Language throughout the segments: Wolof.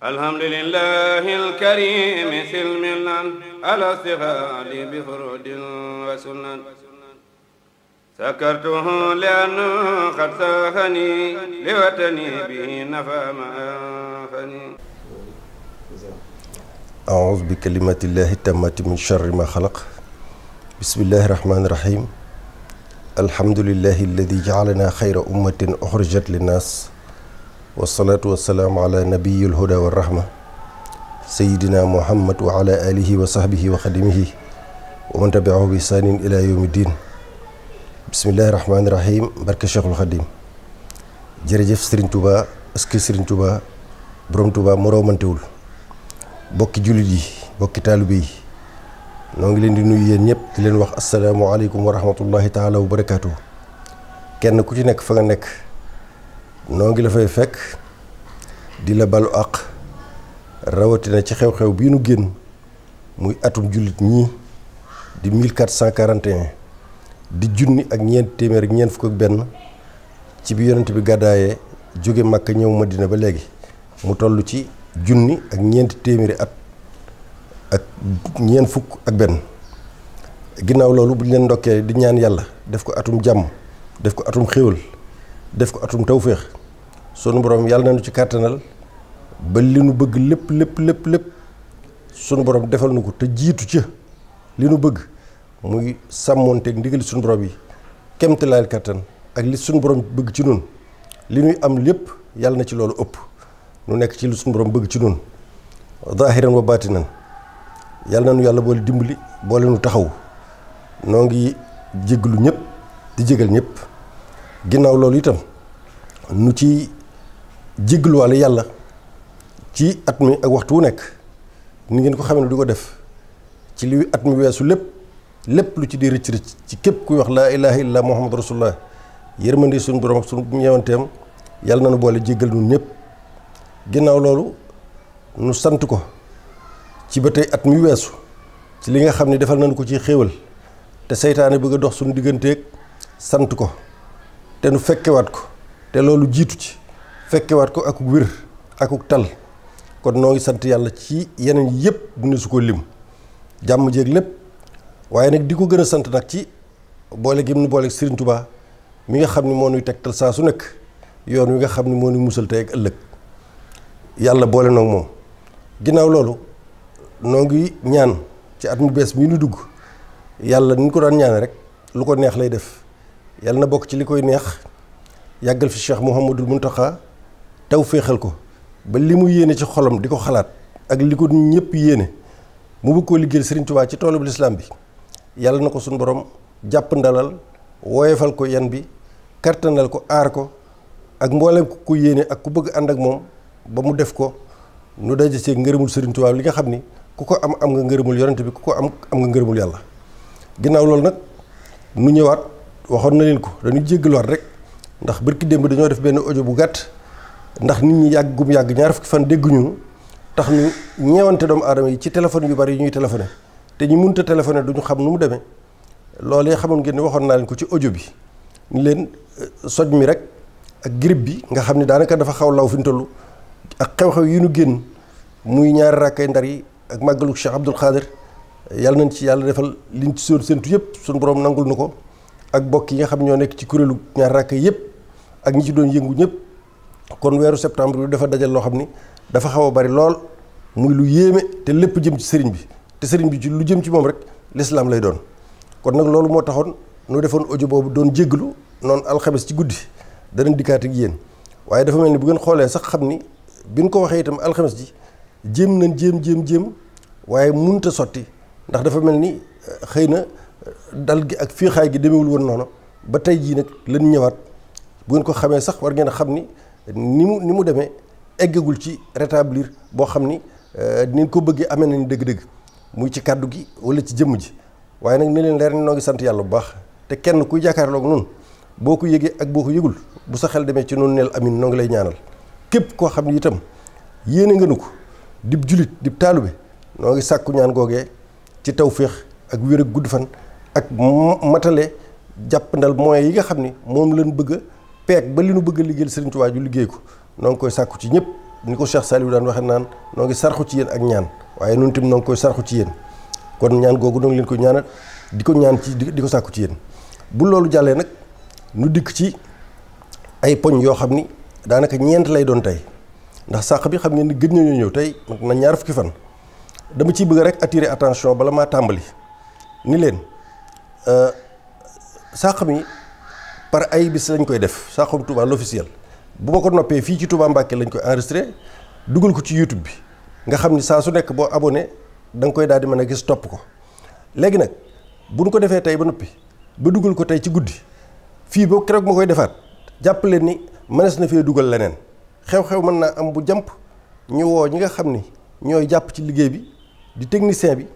الحمد لله الكريم سلمنا على استفاد بفرود وسنن سكرته لأنه قد ساخني لوطني به نفى مآفني أعوذ بكلمات الله التامة من شر ما خلق بسم الله الرحمن الرحيم الحمد لله الذي جعلنا خير أمة أخرجت للناس wa wasalaamu ala nabiyil huda wa rahma sayidina muhammad wa ala alihi wa sahbihi wa xadimihi wa man tabiahu bi saanin ila yawmi diin bismillahi rahmaani rahim barke cheikhul xadim jërëjëf sëriñ tuba est-ce que sëriñ tuba borom tuba mu rawmantewul bokki jullit yi bokki taalibe yi noo ngi leen di nuyu yéen ñëpp di leen wax asalaamualeykum wa rahmatullahi taala wa barakaatu kenn ku ci nekk fa nga nekk noo ngi la fay fekk di la balu àq rawatina ci xew-xew bii nu génn muy atum jullit ñii di 1441 di junni ak ñeent téeméer ak ñeent fukk ak benn ci bi yonent bi gàddaayee jóge Màkka ñëw ma dina ba léegi mu toll ci junni ak ñeent téeméeri at ak ñeent fukk ak benn ginnaaw loolu bu ñu leen ndokkee di ñaan yàlla def ko atum jàmm def ko atum xéwal def ko atum tawféex sunu borom yàlla nañu ci kàttanal ba li nu bëgg lépp lépp lépp lépp sunu borom defal nu ko te jiitu ca li nu bëgg muy sàmmoonteeg ndigali sunu borom yi kemtalaal kàttan ak li sunu borom bëgg ci nun li nuy am lépp yàlla na ci loolu ëpp nu nekk ci li sunu borom bëgg ci nun zaahiran wa baatinan na nu yàlla boole dimbali boole nu taxaw noo ngi jéggalu ñëpp di jégal ñëpp ginnaaw loolu itam nu ci jégluwaale yàlla ci at mi ak waxtu wu nekk ni ngeen ko xamee ne du ko def ci li at mi weesu lépp lépp lu ci di rëcc rëcc ci képp kuy wax laa ilaha illa muhammad rasulullah yërmande suñu borom suñu ñeewanteem yàlla na nu boole jéggal ñun ñëpp ginnaaw loolu nu sant ko ci ba tey at mi weesu ci li nga xam ne defal nañu ko ci xéewal te seytaane bëgg a dox suñu digganteek sant ko te nu fekkewaat ko te loolu jiitu ci fekkewaat ko akuk wér akuk tal kon noo ngi sant yàlla ci yeneen yëpp bu su ko lim jàmm jéeg lépp waaye nag di ko gën a sant nag ci boole gi mu boole Serigne Touba mi nga xam ne moo nuy tegtal saa su nekk yoon wi nga xam ne moo nuy musal tey ak ëllëg yàlla boole noog moom ginnaaw loolu noo ngi ñaan ci at mu bees mi nu dugg yàlla ni ko daan ñaane rek lu ko neex lay def yàlla na bokk ci li koy neex yàggal fi Cheikh Mouhamadul Mountakha taw féexal ko ba li mu yéene ci xolam di ko xalaat ak li ko ñëpp yéene mu bëgg koo liggéeyal Serigne Touba ci toolub lislaam bi yàlla na ko suñu boroom jàpp ndalal woyefal ko yan bi kartanal ko aar ko ak mboolem ko ko yéene ak ku bëgg ànd ak moom ba mu def ko nu daje see ngërëmul Serigne Touba li nga xam ni ku ko am am nga ngërëmul yonent bi ku ko am am nga ngërëmul yàlla ginnaaw loolu nag nu ñëwaat waxoon na leen ko dañu jéggaluwaat rek ndax barki démb dañoo def benn audio bu gàtt ndax nit ñi yàgg yàgg ñaar fukki fan dégguñu tax ñu ñeewante doomu adama yi ci téléphone yu bari yu ñuy téléphoné te ñu mënta téléphoné du ñu xam nu mu demee yi xamoon ngeen ne waxoon naa leen ko ci audio bi ni leen euh, soj mi rek ak grippe bi nga xam ne daanaka dafa xaw law fi ñu toll ak xew-xew yi ñu génn muy ñaari rakkay ndar yi ak màggalu Cheikh Abdoul Khadir yàlla nañ ci yàlla defal liñ ci seen séntu yëpp suñu borom nangul na ko ak bokk yi nga xam ñoo nekk ci kuréelu ñaari rakkay yëpp ak ñi ci doon yëngu ñëpp. kon weeru septembre bi dafa dajal loo xam ni dafa xaw a bari lool muy lu yéeme te lépp jëm ci sëriñ bi te sëriñ bi ci lu jëm ci moom rek lislaam lay doon kon nag loolu moo taxoon nu defoon audio boobu doon jéggalu noonu alxames ci guddi danañ dikkaat ak yéen waaye dafa mel ni bu ngeen xoolee sax xam ni bi ñu ko waxee itam alxames ji jéem nañ jéem jéem jéem waaye munta sotti ndax dafa mel ni euh, xëy na euh, dal gi ak fiixaay gi demewul woon noonu ba tey jii nag lan ñëwaat bu ngeen ko xamee sax war ngeen a xam ni ni mu ni mu demee eggagul ci rétablir boo xam ni euh, ni ko bëggee amee nañu dëgg-dëgg muy ci kàddu gi wala ci jëmm ji waaye nag ni leen leer ni noo ngi sant yàlla bu baax te kenn kuy jàkkaarloog noonu boo ko yëgee ak boo ko yëgul bu sa xel demee ci noonu neel amin noo ngi lay ñaanal képp koo xam ni itam yéene nga nu ko dib julit dib taalube noo ngi sàkku ñaan googee ci tawféex ak wér ak gudd fan ak matale jàppandal moyens yi nga xam ni moom lañ bëgg peeg ba li nu bëgg a liggéeyal Serigne Touba ju liggéey ko noo ngi koy sàkku ci ñëpp ni ko Cheikh Saliou daan waxe naan noo ngi sarxu ci yéen ak ñaan waaye noonu tamit noo ngi koy sarxu ci yéen kon ñaan googu noo leen ko ñaanal di ko ñaan ci di ko sàkku ci yéen bu loolu jàllee nag nu dikk ci ay poñ yoo xam ni daanaka ñeent lay doon tey ndax sàq bi xam ngeen ni gën ñoo ñëw tey na ñaar fukki fan dama ciy bëgg rek attirer attention bala maa tàmbali ni leen euh, sàq mi par ay bis lañ koy def Saxum Touba l'officiel bu ma ko noppee fii ci Touba Mbacké lañ koy enregistré dugal ko ci YouTube bi nga xam ni saa su nekk boo abone danga koy daal di mën a gis topp ko léegi nag bu ñu ko defee tey ba noppi ba dugal ko tey ci guddi fii ba keroog ma koy defaat jàpp leen ni mënees na fee dugal leneen xew-xew mën naa am bu jàmp ñu woo ñi nga xam ni ñooy jàpp ci liggéey bi di technicien bi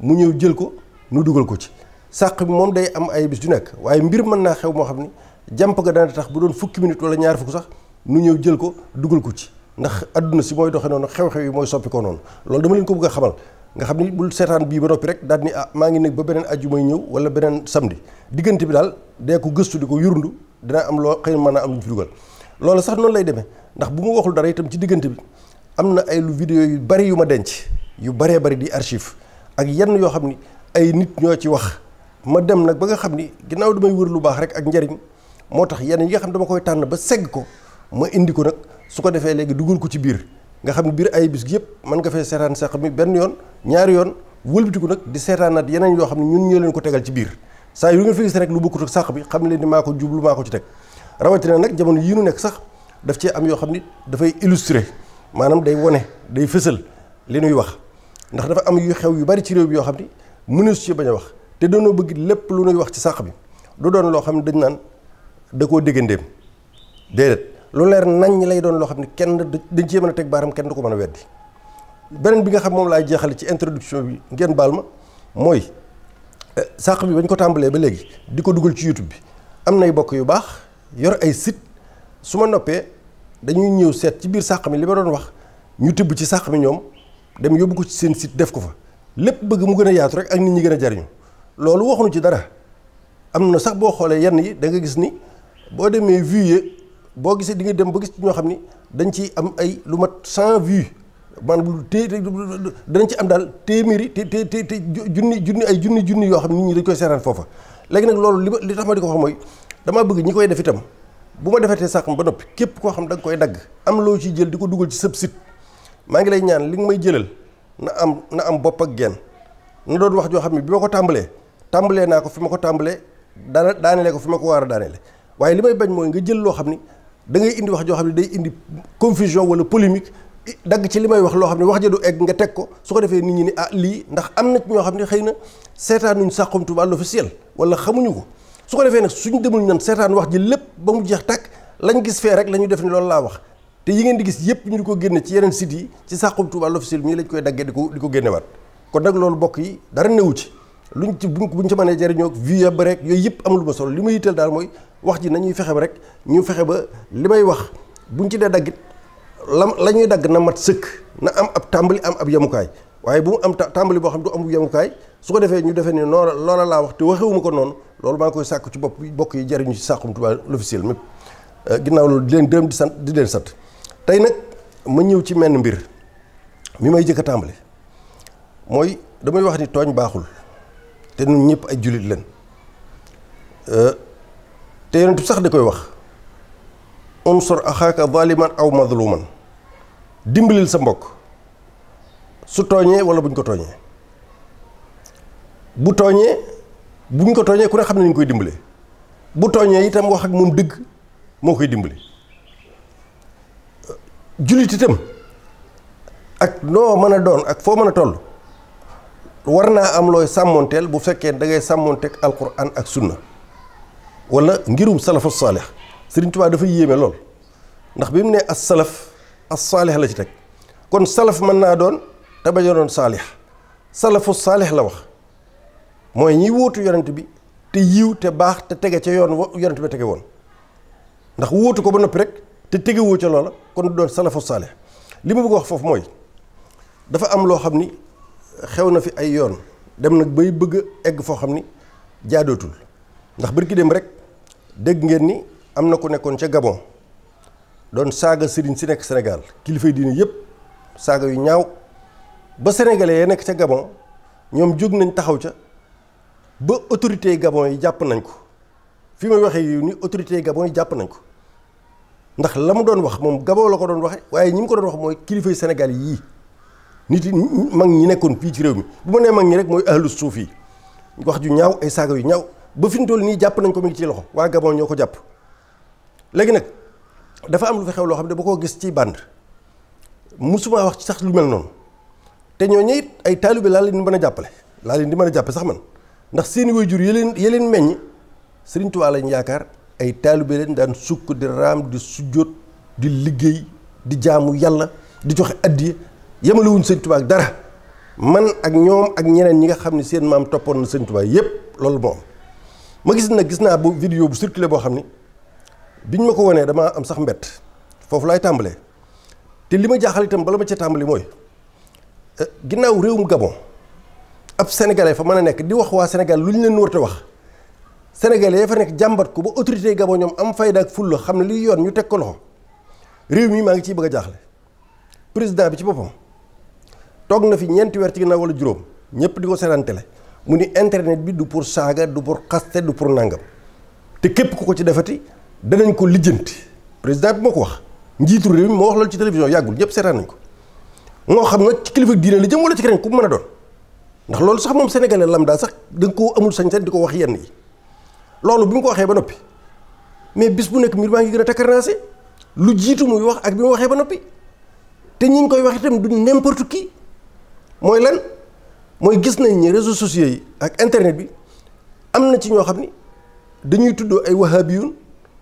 mu ñëw jël ko nu dugal ko ci. sàq bi moom day am ay bis ju nekk waaye mbir mën naa xew moo xam ni jàmp ga dana tax bu doon fukki minute wala ñaar fukk sax nu ñëw jël ko dugal ko ci ndax adduna si mooy doxee noonu xew-xew yi mooy soppi noonu loolu dama leen ko bëgg a xamal nga xam ni bul seetaan bii ba noppi rek daal ni ah maa ngi nekk ba beneen aju may ñëw wala beneen samedi diggante bi daal dee ko gëstu di ko yurundu dina am loo xëy mën a am lu ñu loolu sax noonu lay demee ndax bu ma waxul dara itam ci diggante bi am na ay lu yu bari yu ma denc yu baree bari di archive ak yenn yoo xam ni ay nit ñoo ci wax ma dem nag ba nga xam ni ginnaaw damay wër lu baax rek ak njariñ moo tax yenn yi nga xam dama koy tànn ba segg ko ma indi ko nag su ko defee léegi duggul ko ci biir nga xam ne biir ay bis gi yëpp mën nga fee seetaan sax bi benn yoon ñaari yoon wëlbatiku nag di seetaanaat yeneen yoo xam ne ñun ñoo leen ko tegal ci biir saa yu ngeen fi gis rek lu bokkut ak sàq bi xam leen ni maa ko jublu maa ko ci teg rawatina nag jamono yii nu nekk sax daf cee am yoo xam ni dafay illustrer maanaam day wone day fësal li wax ndax dafa am yu xew yu bari ci réew yoo xam ni mënees ci bañ a wax te doonoo bëgg lépp lu nuy wax ci sàq bi du doon loo xam ne dañ naan da koo déggandeem déedéet lu leer nañ lay doon loo xam ne kenn dañ cee a teg baaram kenn du ko mën a weddi beneen bi nga xam moom laay jeexale ci introduction bi ngeen baal ma mooy eh, sàq bi bañ ko tàmbalee ba léegi di ko dugal ci YouTube bi am nay bokk yu baax yor ay site su ma noppee dañuy ñëw seet ci biir sàq bi li ma doon wax ñu tibb ci sàq bi ñoom dem yóbbu ko ci seen site def ko fa lépp bëgg mu gën a yaatu rek ak nit ñi gën a jariñu loolu waxuñu ci dara am na sax boo xoolee yenn yi da nga gis ni boo demee vues boo gisee di nga dem ba gis ñoo xam ni dañ ci am ay lu mat cent vues maanaam té danañ ci am daal téeméeri te te te ju junni junni ay junni junni yoo xam ni nit dañ koy seeraan foofa léegi nag loolu li ma li tax ma di ko wax mooy damaa bëgg ñi koy def itam bu ma defetee sax ba noppi képp koo xam da nga koy dagg am loo ciy jël di ko dugal ci sëb site maa ngi lay ñaan li nga may jëlal na am na am bopp ak genn na doon wax joo xam ne bi ma ko tàmbalee tàmbalee naa ko fi ma ko tàmbalee dana daanelee ko fi ma ko war a daanelee waaye li may bañ mooy nga jël loo xam ni dangay ngay indi wax joo xam ne day indi confusion wala polémique dagg ci li may wax loo xam ne wax ja du egg nga teg ko su ko defee nit ñi ni ah lii ndax am na ci ñoo xam ne xëy na seetaanuñ Saxum Touba l'officiel wala xamuñu ko su ko defee nag suñ demul ñan seetaan wax ji lépp ba mu jeex tàkk lañu gis fee rek la ñu def ni loolu laa wax te yi ngeen di gis yépp ñu di ko génne ci yeneen sites yi ci Saxum Touba l'officiel mii lañ koy daggee ko di ko génnewaat kon nag bokk yi dara newu ci lu luñ ci buñ buñ ci manee jëriñoo vue ya ba rek yooyu yëpp lu ma solo li may yitteel daal mooy wax ji nañuy fexe ba rek ñu fexe ba li may wax buñ ci dee daggit la lañuy dagg na mat sëkk na am ab tàmbali am ab yemukaay waaye bu mu am tàmbali boo xam du am yemukaay su ko defee ñu defe ni noonu loola laa wax te waxewuma ko noonu loolu maa ngi koy sàkk ci bopp bokk yi jëriñu ci Saxum Touba l'officiel mépp euh, ginnaaw loolu di leen dërëm di sant di leen sant tey nag ma ñëw ci menn mbir mi may jëkk a tàmbali mooy damay wax ni tooñ baaxul te ñun ñëpp ay jullit lañ euh, te yonent sax da koy wax unsur axaaka zaliman aw mazluman dimbalil sa mbokk su tooñee wala buñ ko tooñee bu tooñee buñ ko tooñee ku ne xam ne ñu koy dimbale bu tooñee itam wax ak moom dëgg moo koy dimbale euh, jullit itam ak noo mën a doon ak foo mën a toll war naa am looy sàmmoonteel bu fekkee da ngay sàmmonteeg alquran ak sunna wala ngirum salafu saalix Sëriñ Tuubaa dafa yéeme lool ndax bi mu ne as salaf as saalix la ci teg kon salaf mën naa doon te bañ a doon saalix saalix la wax mooy ñi wóotu yonent bi te yiw te baax te tege ca yoon wa yonent tege woon ndax wóotu ko ba noppi rek te tegewoo ca loola kon doon salafu saalix li ma bëgg wax foofu mooy dafa am loo xam ni. xew na fi ay yoon dem nag bay bëgg egg foo xam ni jaadootul ndax bërki dem rek dégg ngeen ni am na ku nekkoon ca Gabon doon saaga sëriñ si nekk Sénégal kilifay diine yëpp saaga yu ñaaw ba sénégalais ya nekk ca Gabon ñoom jóg nañ taxaw ca ba autorités Gabon yi jàpp nañ ko fi may waxee yu ni autorités Gabon yi jàpp nañ ko ndax la mu doon wax moom Gabon la ko doon waxe waaye ñi mu ko doon wax mooy kilifay Sénégal yii nit mag ñi nekkoon fii ci réew mi bu ma nee mag ñi rek mooy ahlu suuf yi wax ju ñaaw ay saaga yu ñaaw ba fi ñu toll nii jàpp nañ ko mi ngi ci loxo waa Gabon ñoo ko jàpp léegi nag dafa am lu fi xew loo xam ne ba ko gis ci bande musuma wax ci sax lu mel noonu te ñooñu it ay taalibe laa leen di mën a jàppale laa leen di mën a jàppe sax man ndax seeni waajur yi leen yi leen meññ Sëriñ Tuubaa yaakaar ay taalibe leen daan sukk di raam di sujjóot di liggéey di jaamu yàlla di joxe addiya yemalewuñ sëñ Tuubaa dara man ak ñoom ak ñeneen ñi nga xam ne seen maam toppoon na sëñ Tuubaa yépp loolu moom ma gis nag gis naa bu vidéo bu circulé boo xam ni bi ñu ma ko wonee damaa am sax mbett foofu laay tàmbalee te li ma jaaxal itam bala ma ca tàmbali mooy eh, ginnaaw réewum Gabon ab sénégalais fa mën a nekk di wax waa Sénégal lu ñu leen warta wax sénégalais ya fa nekk jàmbat ko ba autorité yi Gabon ñoom am fayda ak fulla xam ne li yoon ñu teg réew mi maa ngi ciy bëgg a jaaxle président bi ci boppam. toog na fi ñeenti weer ci ginnaaw wala juróom ñëpp di ko seetaan télé mu ni internet bi du pour saaga du pour xaste du pour nangam te képp ku ko ci defati danañ ko lijjanti président bi moo ko wax njiitu réew mi moo wax loolu ci télévision yàggul ñëpp seetaan nañ ko moo xam nag ci kilifa diine la jëm wala ci keneen ku mën a doon ndax loolu sax moom sénégalais lambda sax da koo amul sañ-sañ di ko wax yenn yi loolu bu mu ko waxee ba noppi mais bis bu nekk mbir maa ngi gën a takkarnaase lu jiitu muy wax ak bi mu waxee ba noppi te ñi ngi koy wax itam du n'importe qui mooy lan mooy gis nañ ni réseau sociaux yi ak internet bi am na ci ñoo xam ni dañuy tudd ay wahabiyun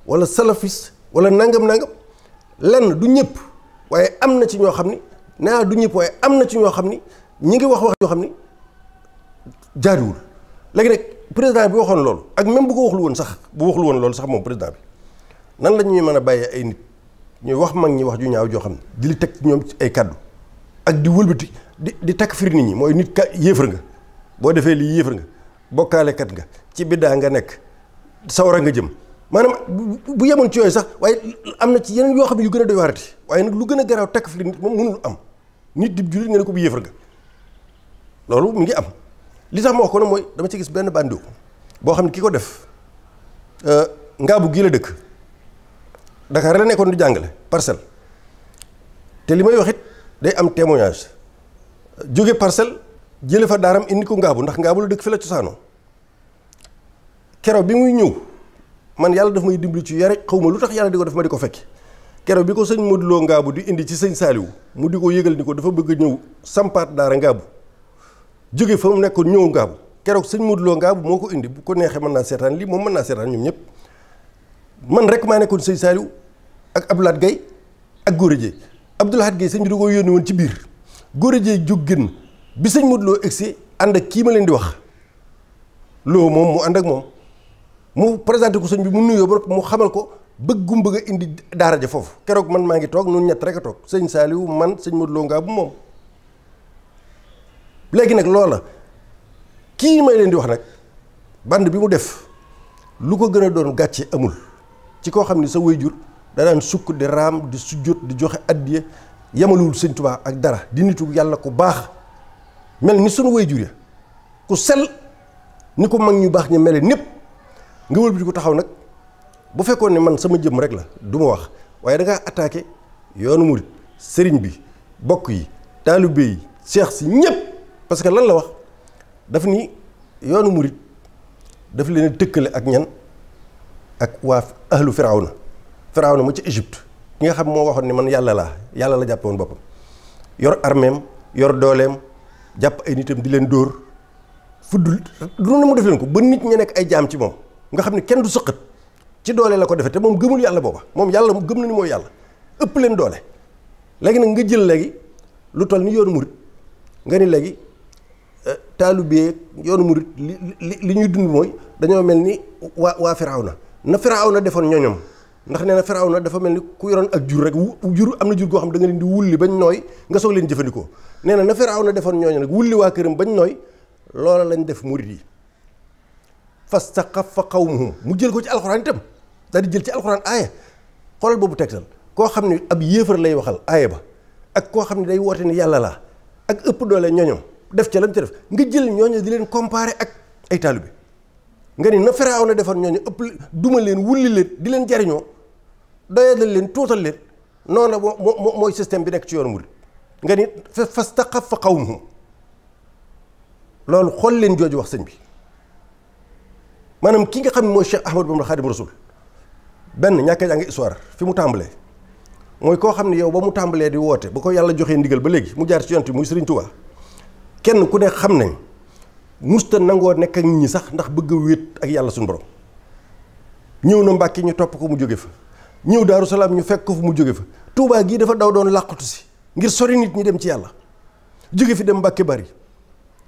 wala salafis wala nangam-nangam lenn du ñëpp waaye am na ci ñoo xam ni naa du ñëpp am na ci ñoo xam ni ñi ngi wax wax joo xam ni jaariwul léegi nag président bi waxoon loolu ak même bu ko wax lu woon sax bu waxlu woon loolu sax moom président bi nan la ñuy mën a bàyyee ay nit ñuy wax mag ñi wax ju ñaaw joo xam ne di li teg ñoom ay kàddu ak di wëlbati di di takk fir nit ñi mooy nit ka yéefar nga boo defee lii yéefar nga bokkaalekat nga ci biddaa nga nekk sawara nga jëm maanaam bu yemoon ci yooyu sax waaye am na ci yeneen yoo xam ne yu gën a doy waarati waaye nag lu gën a garaaw takk fir nit moom mënul am nit di jullit nga ne ko bu yéefar nga loolu mu ngi am li tax ma wax mooy dama ci gis benn bàndiw boo xam ne ki ko def euh, ngaabu gii la dëkk Dakar la nekkoon du jàngale parcelle te li may waxit day am témoignage jóge parcelle jële fa daaram indi ko ngaabu ndax ngaabu la dëkk fi la cosaanoo kero bi muy ñëw man yàlla daf may dimbali ci yare xaw ma lu tax yàlla di ko def ma di ko fekk kero bi ko sëñ Modou Lo ngaabu di indi ci sëñ saaliw mu di ko yëgal ni ko dafa bëgg ñëw sampaat daara ngaabu jóge fa mu nekkoon ñëw ngaabu keroog sëñ Modou Lo ngaabu moo ko indi bu ko neexee mën naa seetaan lii moom mën naa seetaan ñoom ñëpp man rek maa nekkoon sëñ Saaliwu ak Abdoulaye Gaye ak Gora Dieye Abdoulaye sëñ bi da ci biir góor ji jug gën bi sëñ Modou Lo egsi ànd ak kii ma leen di wax loo moom mu ànd ak moom mu présenté ko sëñ bi mu nuyoo ba mu xamal ko bëggum bëgg a indi daara ja foofu keroog man maa ngi toog nun ñett rek a toog sëñ Saliou man sëñ Modou Lo ngaa bu moom léegi nag loola kii may leen di wax nag band bi mu def lu ko gën a doon gàcce amul ci koo xam ni sa waajur danaan sukk di raam di sujjóot di joxe addiya yamaluwul sëñ tubaa ak dara di nitu yàlla ko baax mel ni sunu way jur ya ku sel ni ko mag ñu baax ñu mele népp nga wëlbati ko taxaw nag bu fekkoon ne man sama jëmm rek la du ma wax waaye dangaa ngaa attaqué yoonu murit sëriñ bi bokk yi taalibe yi seex si ñépp parce que lan la wax daf ni yoonu murit daf leen tëkkale ak ñan ak waa ahlu firawna na ma ci Égypte ki nga xam moo waxoon ni man yàlla laa yàlla la jàppe woon boppam yor armeem yor dooleem jàpp ay nitam di leen dóor fuddul lu ne mu def leen ko ba nit ñi nekk ay jaam ci moom nga xam ne kenn du sëqat ci doole la ko defee te moom gëmul yàlla booba moom yàlla gëm na ni mooy yàlla ëpp leen doole léegi nag nga jël léegi lu toll ni yoonu murit nga ni léegi euh, taalubee yoonu murit li li ñuy dund mooy dañoo mel ni waa waa Firawna na Firawna defoon ndax nee na faraw na dafa mel ni ku yoroon ak jur rek jur am na jur goo xam da nga ne di wulli bañ nooy nga soog leen jëfandikoo nee na na faraw na defoon ñooñu waa këram bañ nooy loola lañ def murit yi fastaqafa qawmuhum mu jël ko ci alxuraan itam jël ci alxuraan aaya xoolal boobu tegtal koo xam ne ab yéefar lay waxal aaya ba ak koo xam ne day woote ni yàlla laa ak ëpp doole ñooñom def ca nga jël ñooñu di leen comparé ak ay taalibe nga ni na Firaaw na defoon ñooñu ëpp duma leen wulli leen di leen jariñoo doyalal leen tuutal leen noonu la moo mooy système bi nekk ci yoonu murid nga ni fastaqaffa qawmuhum loolu xool leen jooju wax sëñ bi maanaam ki nga xam ne mooy Cheikh Ahmadou Bamba benn ñàkk a jàng histoire fi mu tàmbalee mooy koo xam ne yow ba mu tàmbalee di woote ba ko yàlla joxee ndigal ba léegi mu jaar ci yont yi muy Sëriñ Tuubaa kenn ku ne xam nañ musta nangoo nekk ak nit ñi sax ndax bëgg a wéet ak yàlla suñu borom ñëw na Mbàkke ñu topp ko mu jóge fa ñëw daaru salaam ñu fekk ko fu mu jóge fi tuubaa gii dafa daw doon làqutu si ngir sori nit ñi dem ci yàlla jóge fi dem Mbàkke bari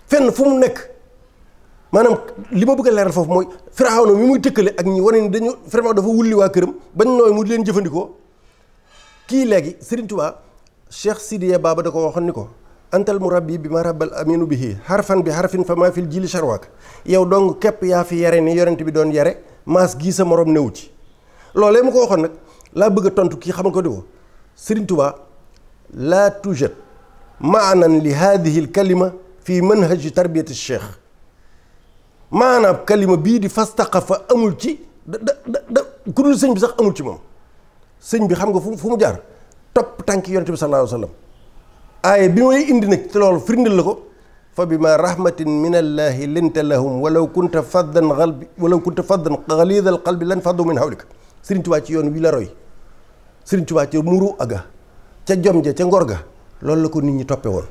fenn fu mu nekk maanaam li ma bëgg a leeral foofu mooy na mi muy tëkkale ak ñi wane ni dañu vraiment dafa wulli waa këram bañ nooy mu leen jëfandikoo kii léegi Serigne Touba Cheikh Sidiya baaba da ko waxoon ni ko antal murabbi bi ma rabbal aminu bihi harfan bi harfin fa maa fil jili charwaak yow dong képp yaa fi yare ni yorent bi doon yare maas gii sa morom newu ci loolee mu ko waxoon nag laa bëgg a tontu kii xamal ko di ko Serigne Touba laa tujad maanan li haadihi l kalima fii manhaji tarbiyati cheikh maanaam kalima bii di fastaqafa amul ci da da da ku dul sëñ bi sax amul ci moom sëñ bi xam nga fu mu jaar topp tànki yonent bi sallallahu alayhi wa bi may indi nag te loolu firndil la ko fa bi ma rahmatin min allahi linta lahum walaw kunta faddan qalbi walaw kunta faddan ghalida al qalbi lan faddu min hawlika Serigne Touba ci yoon wi la roy Serigne Touba ca muru aga ca jom ja ca ngor ga loolu la ko nit ñi toppe woon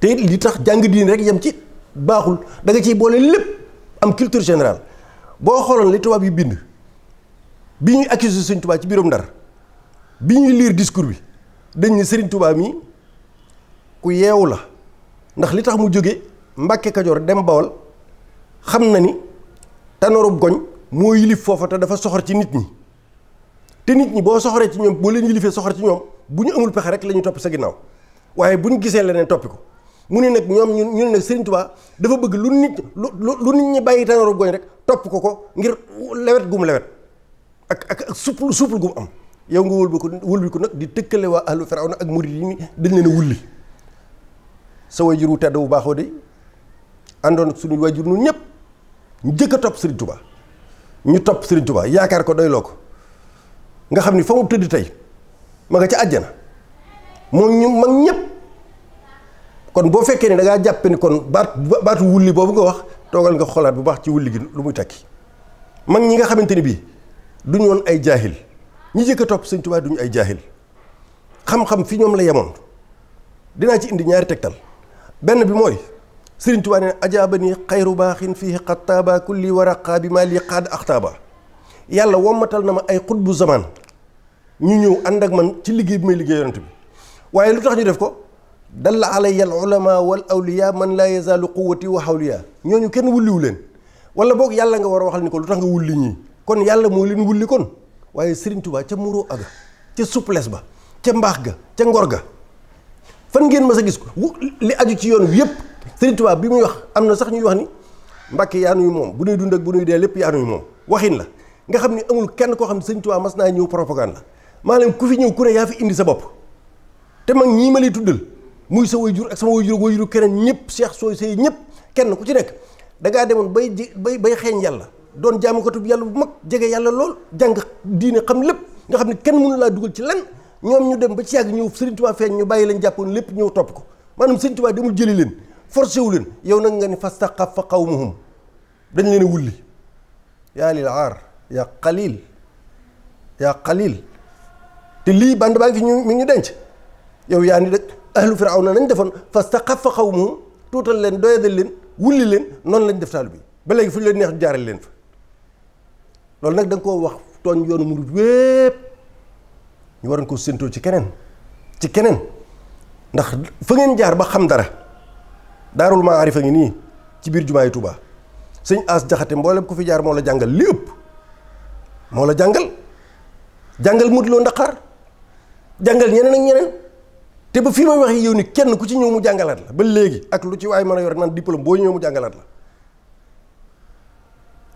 te li tax jàng diine rek yem ci baaxul danga nga ciy boole lépp am culture générale boo xooloon li tubaab yu bind bi ñuy accusé Serigne Touba ci biirum Ndar bi ñuy lire discours bi dañ ne Serigne Touba mi ku yeewu la ndax li tax mu jóge mbakke Kajoor dem Bawol xam na ni tanorub goñ moo yilif foofa te dafa soxor ci nit ñi te nit ñi boo soxoree ci ñoom boo leen yilifee soxor ci ñoom bu ñu amul pexe rek la topp sa ginnaaw waaye bu ñu gisee leneen topp ko mu ne nag ñoom ñu ne nag Serigne Touba dafa bëgg lu nit lu lu nit ñi bàyyi tanooru gooñ rek topp ko ko ngir lewet gum lewet ak ak ak supp supp am yow ko wëlbi ko nag di tëkkale waa ahlu Firawna ak murid yi ni leen a wulli sa wajur bu baaxoo de àndoon ak suñu wajur ñun ñëpp njëkk a topp Serigne Touba ñu topp Serigne Touba yaakaar ko doyloo ko nga xam ni fa mu tëdd tey ma nga ca àjjana moom ñu mag ñëpp kon boo fekkee ne da ngaa ni kon baat baatu wulli boobu nga wax toogal nga xoolaat bu baax ci wulli gi lu muy takki mag ñi nga xamante ni bii duñu woon ay jaahil ñi jëkk a topp Serigne Touba duñu ay jaaxil xam-xam fi ñoom la yemoon dinaa ci indi ñaari tegtal benn bi mooy. sëriñ Tuubaa ne ajaabani xayru baaxin fii xattaaba kulli waraqaa bi maa lii xaad axtaaba yàlla wommatal na ma ay bu zamaan ñu ñëw ànd ak man ci liggéey bi may liggéey yonent bi waaye lu tax ñu def ko la dalla alayya al ulama wal awliya man laa yazaalu quwwati wa hawliya ñooñu kenn wulliwu leen wala boog yàlla nga war a waxal ni ko lu tax nga wulli ñii kon yàlla moo leen wulli kon waaye sëriñ Tuubaa ca muroo aga ca souplesse ba ca mbaax ga ca ngor ga fan ngeen mas a gis ko li aju ci yoon yëpp Sëriñ Tuubaa bi muy wax am na sax ñuy wax ni Mbàkke yaa nuy moom bu nuy dund ak bu nuy dee lépp yaa nuy moom waxin la nga xam ne amul kenn koo xam ne Sëriñ Tuubaa mas naa ñëw propagande la maanaam ku fi ñëw ku sa bopp te mag ñii ma lay tuddal muy sa jur ak sama way keneen ñëpp seex sooy ñëpp kenn ku ci nekk da demoon bay ji bay bay xeeñ yàlla doon jaamukatub yàlla bu mag jege yàlla lool jàng diine xam lépp nga xam ne kenn mënu laa dugal ci lan ñoom ñu dem ba ci yàgg ñëw Sëriñ Tuubaa feeñ ñu bàyyi lañ jàppoon lépp ñëw topp ko maanaam Sëriñ Tuubaa demul jëli leen forcé wu leen yow nag nga ni xaw qawmuhum dañ leen a wulli yaa lil aar yaa qalil yaa qalil te lii band baa ngi fi ñu mi ngi denc yow yaa ni de ahlu na nañ defoon fa xaf xaw qawmuhum tuutal leen doyadal leen wulli leen noonu lañ def taalu bi ba léegi fu ñu leen neex jaaral leen fa loolu nag danga koo wax tooñ yoonu murid wépp ñu waroon ko séntoo ci keneen ci keneen ndax fa ngeen jaar ba xam dara daarul arifa ngi nii ci biir jumaa yi Touba sëñ As Jaxate mboolem ku fi jaar moo la jàngal li ëpp moo la jàngal jàngal Modou Lo Ndakar jàngal ñeneen ak ñeneen te ba fii may waxee yow ni kenn ku ci ñëw mu jàngalaat la ba léegi ak lu ci waay mën a yor naan diplôme boo ñëw mu jàngalaat la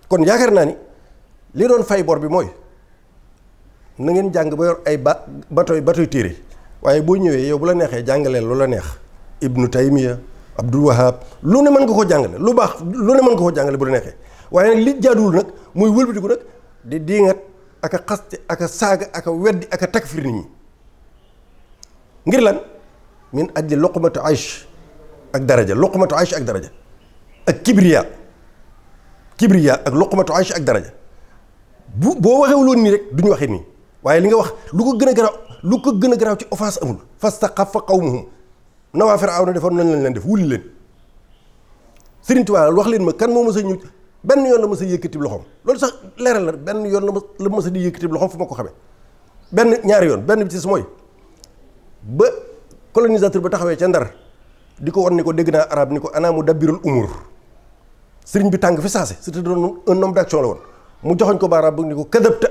kon yaakaar naa ni li doon fay bor bi mooy na ngeen jàng ba yor ay ba batoy batoy téere waaye boo ñëwee yow bu la neexee jàngaleel lu la neex ibnu taymiya Abdul Wahab lu ne mën nga koo jàngale lu baax lu ne mën nga koo jàngale bu la neexee waaye nag li jaaduwul nag muy wëlbatiku nag di diingat ak a xaste ak a saaga ak a weddi ak a takfir ngir lan min ajli luqmatu aysh ak daraja luqmatu aysh ak daraja ak kibriya kibriya ak luqmatu aysh ak daraja bu boo waxee wuloon nii rek duñu waxee nii waaye li nga wax lu ko gën a garaaw lu ko gën a garaaw ci offense amul fastaqafa qawmuhum na waa Firawna defoon nañ lañ leen def wuli leen Sëriñ Tuubaa wax leen ma kan moo mës a benn yoon la mës a yëkkati loxoom loolu sax leeral la benn yoon la la mës a di yëkkati loxoom fu ma ko xamee benn ñaari yoon benn bi ci mooy ba colonisateur ba taxawee ca Ndar di ko wan ni ko dégg naa arab ni ko anaa mu dabbirul umur sëriñ bi tàng fi saase c'était doon un homme d'action la woon mu joxoñ ko baaraam bu ni ko kadabta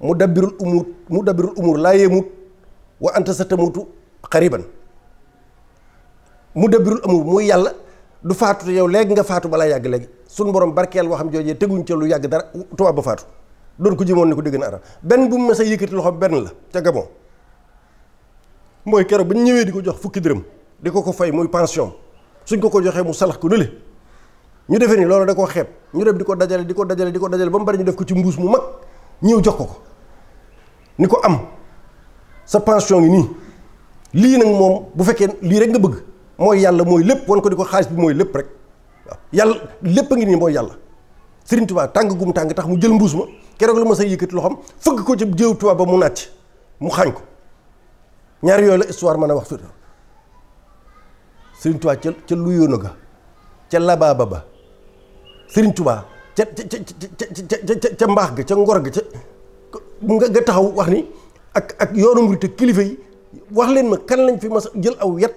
mu dabbirul umur mu dabbirul umur laa yemut wa anta sa tamutu xariban mu dabbirul amul muy yàlla du faatu yow léegi nga faatu balaa yàgg léegi suñ borom barkeel waxam joojee teguñ ca lu yàgg dara tubaab ba faatu doon ko jimoon ne ko dégg na arab benn bu mu mës a yëkkati loxoom benn la ca Gabon mooy keroog ba ñu ñëwee di ko jox fukki dërëm di ko ko fay muy pension suñ ko ko joxee mu salax ko nële ñu defee ni loolu da koo xeeb ñu dem di ko dajale di ko dajale di ko dajale ba mu bari ñu def ko ci mbuus mu mag ñëw jox ko ko ni ko am sa pension nii lii nag moom bu fekkee lii rek nga bëgg mooy yàlla mooy lépp wan ko di ko xaalis bi mooy lépp rek waaw yàlla lépp a ngi nii mooy yàlla Sëriñ Tuubaa tàng gum tàng tax mu jël mbuus ma keroog ma sa yëkkati loxoom fëgg ko ci jéew Tuubaa ba mu mu xaañ ko ñaar yooyu la histoire mën a wax Sëriñ Tuubaa ca ca luyoona ga ba Sëriñ Tuubaa ca ca mbaax ga ca ngor ga ca taxaw wax ni ak yoonu murit kilifa yi wax leen ma kan lañ fi mas a jël aw yat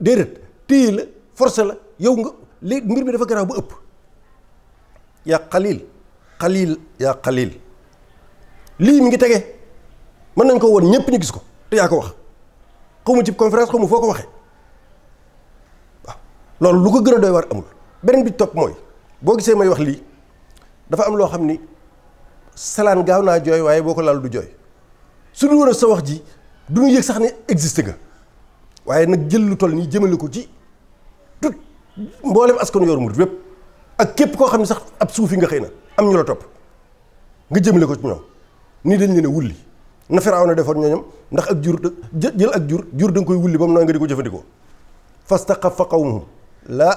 déedéet téye la force la yow nga léegi mbir mi dafa garaaw ba ëpp yaa xalil xalil yaa xalil lii mi ngi tege mën nañ ko woon ñëpp ñu gis ko te yaa ko wax xaw ma ci conférence xaw ma foo ko waxee waaw loolu lu ko gën a doy war amul beneen bi topp mooy boo gisee may wax lii dafa am loo xam ni salaan gaaw naa jooy waaye boo ko lal du jooy su dul woon sa wax ji du ñu yëg sax ne existe nga. waaye nag jël lu toll nii jëmale ko ci tout mboolem askan yoru murit wépp ak képp koo xam ne sax ab suufi nga xëy na am ñu la topp nga jëmale ko ci ñoom nii dañ leen a wulli na firaaw na defoon ñooñam ndax ak jur jël ak jur jur da nga koy wulli ba mu nooy nga di ko jëfandikoo fastaqafa qawmuhum la